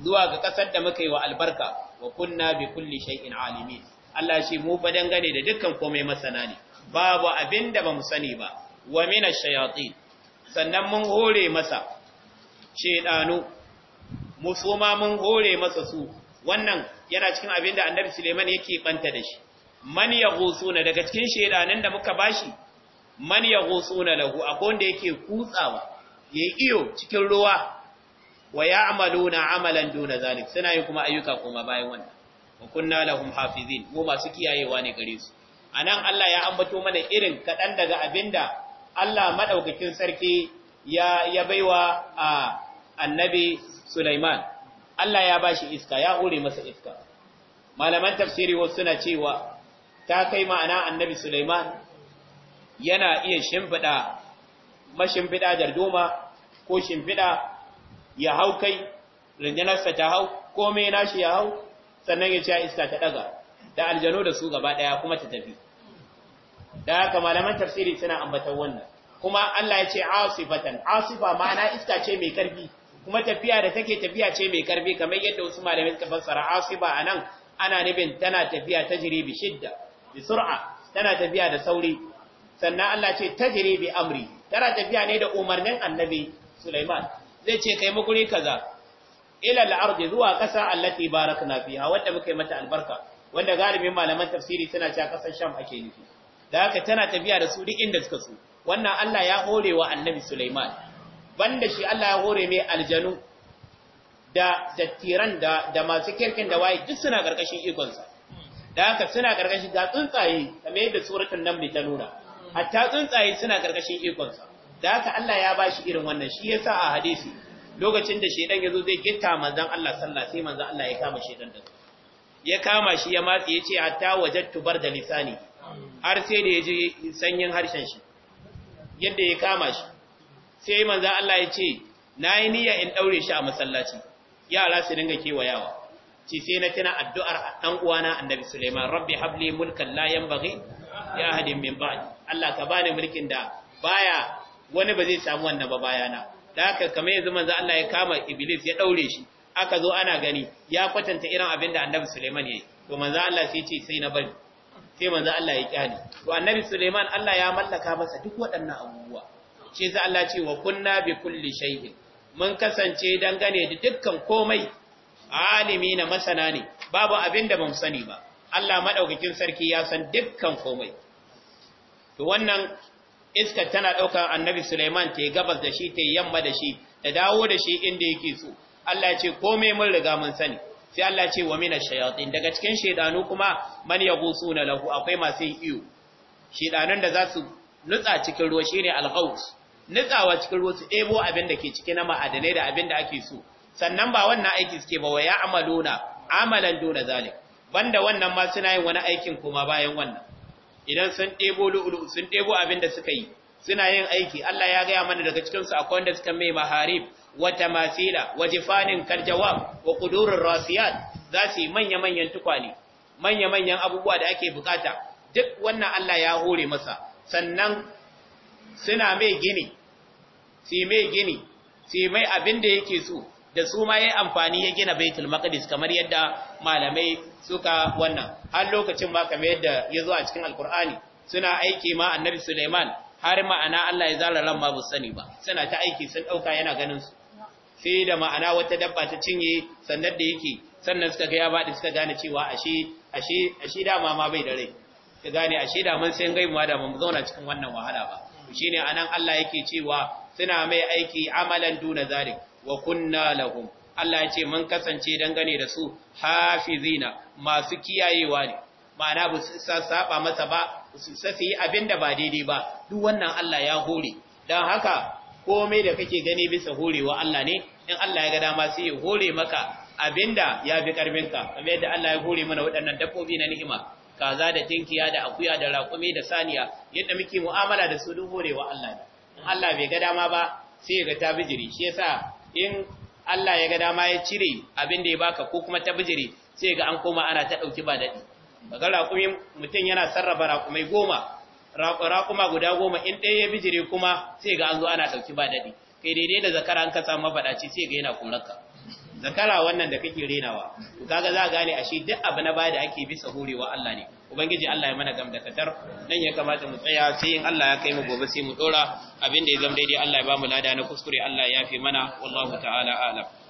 zuwa ga kasar da muka yi wa albarka wa kunna bi kulli shay'in alimin Allah shi mu fa dangane da dukkan komai masana ne babu abin da bamu sani ba wa minash shayatin sannan mun hore masa shedanu soma mun hore masa su wannan yana cikin abin da Annabi Suleiman yake banta da shi man yaghusuna daga cikin shedanan da muka bashi man yaghusuna lahu akon da yake kutsawa yayi iyo cikin ruwa wa ya'maluna amalan duna zalik suna yin kuma ayyuka kuma bayan wannan wa kunna lahum hafizin mu masu kiyayewa ne gare su anan Allah ya ambato mana irin kaɗan daga abinda Allah madaukakin sarki ya ya baiwa a annabi Sulaiman Allah ya ba shi iska ya ure masa iska malaman tafsiri wasu suna cewa ta kai ma'ana annabi Sulaiman yana iya shimfida mashimfiɗa darduma ko shimfiɗa ya hau kai rundunarsa ta hau komai nashi ya hau sannan ya ce iska ta daga da aljano da su gaba daya kuma ta tafi da haka malaman tafsiri suna ambatan wannan kuma Allah ya ce asifatan asifa ma'ana iska ce mai karfi kuma tafiya da take tafiya ce mai karfi kamar yadda wasu malamai suka fassara asiba anan ana nufin tana tafiya jiri bi shidda bi sur'a tana tafiya da sauri sannan Allah ce tajri bi amri tana tafiya ne da umarnin annabi Sulaiman zai ce kai mu guri kaza ila al-ardi zuwa ƙasa allati barakna fiha wanda muka mata albarka wanda galibin malaman tafsiri suna cewa ƙasar Sham ake nufi da haka tana tafiya da su duk inda suka so wannan Allah ya hore wa Annabi Sulaiman banda shi Allah ya hore mai aljanu da dattiran da da masu kirkin da waye duk suna karkashin ikonsa da haka suna karkashin da tsuntsaye kamar yadda suratul nam ta nuna hatta tsuntsaye suna karkashin ikonsa da haka Allah ya bashi irin wannan shi yasa a hadisi lokacin da shedan zo zai gitta manzan Allah sallallahu sai manzon Allah ya kama shedan da ya kama shi ya matsi ce hatta bar da lisani har sai da ya ji sanyin harshen shi yadda ya kama shi sai manzan Allah ya ce "Na yi niyya in daure shi a masallaci yara su dinga kewayawa ci sai na tana addu'ar dan uwana annabi Sulaiman rabbi habli mulkan la yanbaghi ya hadin min ba'di Allah ka bani mulkin da baya wani ba zai samu wannan ba bayana da haka kamar yanzu manzo Allah ya kama iblis ya daure shi aka zo ana gani ya kwatanta irin abin da annabi Suleiman yayi to manzo Allah sai ce sai na bari sai manzo Allah ya kyale to annabi Suleiman Allah ya mallaka masa duk waɗannan abubuwa ce yasa Allah ce wa kunna bi kulli shay'in mun kasance dangane da dukkan komai alimi na masana ne babu abin da ban sani ba Allah madaukakin sarki ya san dukkan komai to wannan Iska tana ɗaukar annabi Suleiman ta gabas da shi ta yamma da shi da dawo da shi inda yake so Allah ya ce komai mun riga mun sani sai Allah ya ce wa mina shayatin daga cikin shedanu kuma man na lahu akwai masu iyo shedanun da za su nutsa cikin ruwa shine alghaus nutsawa cikin ruwa su ɗebo abin da ke ciki na ma'adanai da abin da ake so sannan ba wannan aiki suke ba wa ya amaluna amalan duna zalik banda wannan ma suna yin wani aikin kuma bayan wannan idan sun ɗebo lu'ulu sun ɗebo abin da suka yi suna yin aiki Allah ya gaya mana daga cikinsu akwai wanda suka mai maharib wa tamasila wa jifanin karjawab wa qudurur rasiyat za su yi manya-manyan tukwane manya-manyan abubuwa da ake bukata duk wannan Allah ya hore masa sannan suna mai gini su mai gini su mai abin da yake so da su ma yayi amfani ya gina Baitul Maqdis kamar yadda malamai suka wannan har lokacin ma kamar yadda ya zo a cikin alkur'ani suna aiki ma annabi Suleiman har ma'ana Allah ya zara ran ma sani ba suna ta aiki sun ɗauka yana ganin su sai da ma'ana wata dabba ta cinye sannan da yake sannan suka ga ya bada suka gane cewa ashe dama ma bai da rai ka gane ashe da mun sai gaimuwa da mu zauna cikin wannan wahala ba shine anan Allah yake cewa suna mai aiki amalan duna zalik wa kunna lahum Allah ya ce mun kasance dangane da su hafizina masu kiyayewa ne ma'ana ba su saba masa ba su yi abin da ba daidai ba duk wannan Allah ya hore don haka komai da kake gani bisa horewa Allah ne in Allah ya ga dama sai ya hore maka abinda ya fi karfinka kamar yadda Allah ya hore mana waɗannan dabbobi na ni'ima kaza da tinkiya da akuya da raƙumi da saniya yadda muke mu'amala da su duk horewa Allah ne Allah bai ga dama ba sai ga ta bijiri shi yasa in Allah ya ga dama ya cire abin da ya baka ko kuma ta bijire sai ga an koma ana ta dauki ba dadi kaga raƙumi mutum yana sarrafa raƙumai goma raƙuma guda goma in ɗaya ya bijire kuma sai ga an zo ana dauki ba dadi kai daidai da zakara an ka samu faɗaci sai ga yana ka. zakara wannan da kake renawa ku kaga za gane ashe duk abu na baya da ake bisa horewa Allah ne ubangiji Allah ya mana gamdakatar nan ya kamata mu tsaya sai in Allah ya kai mu gobe sai mu dora abin da ya zama daidai Allah ya bamu lada na kuskure Allah ya fi mana wallahu ta'ala a'lam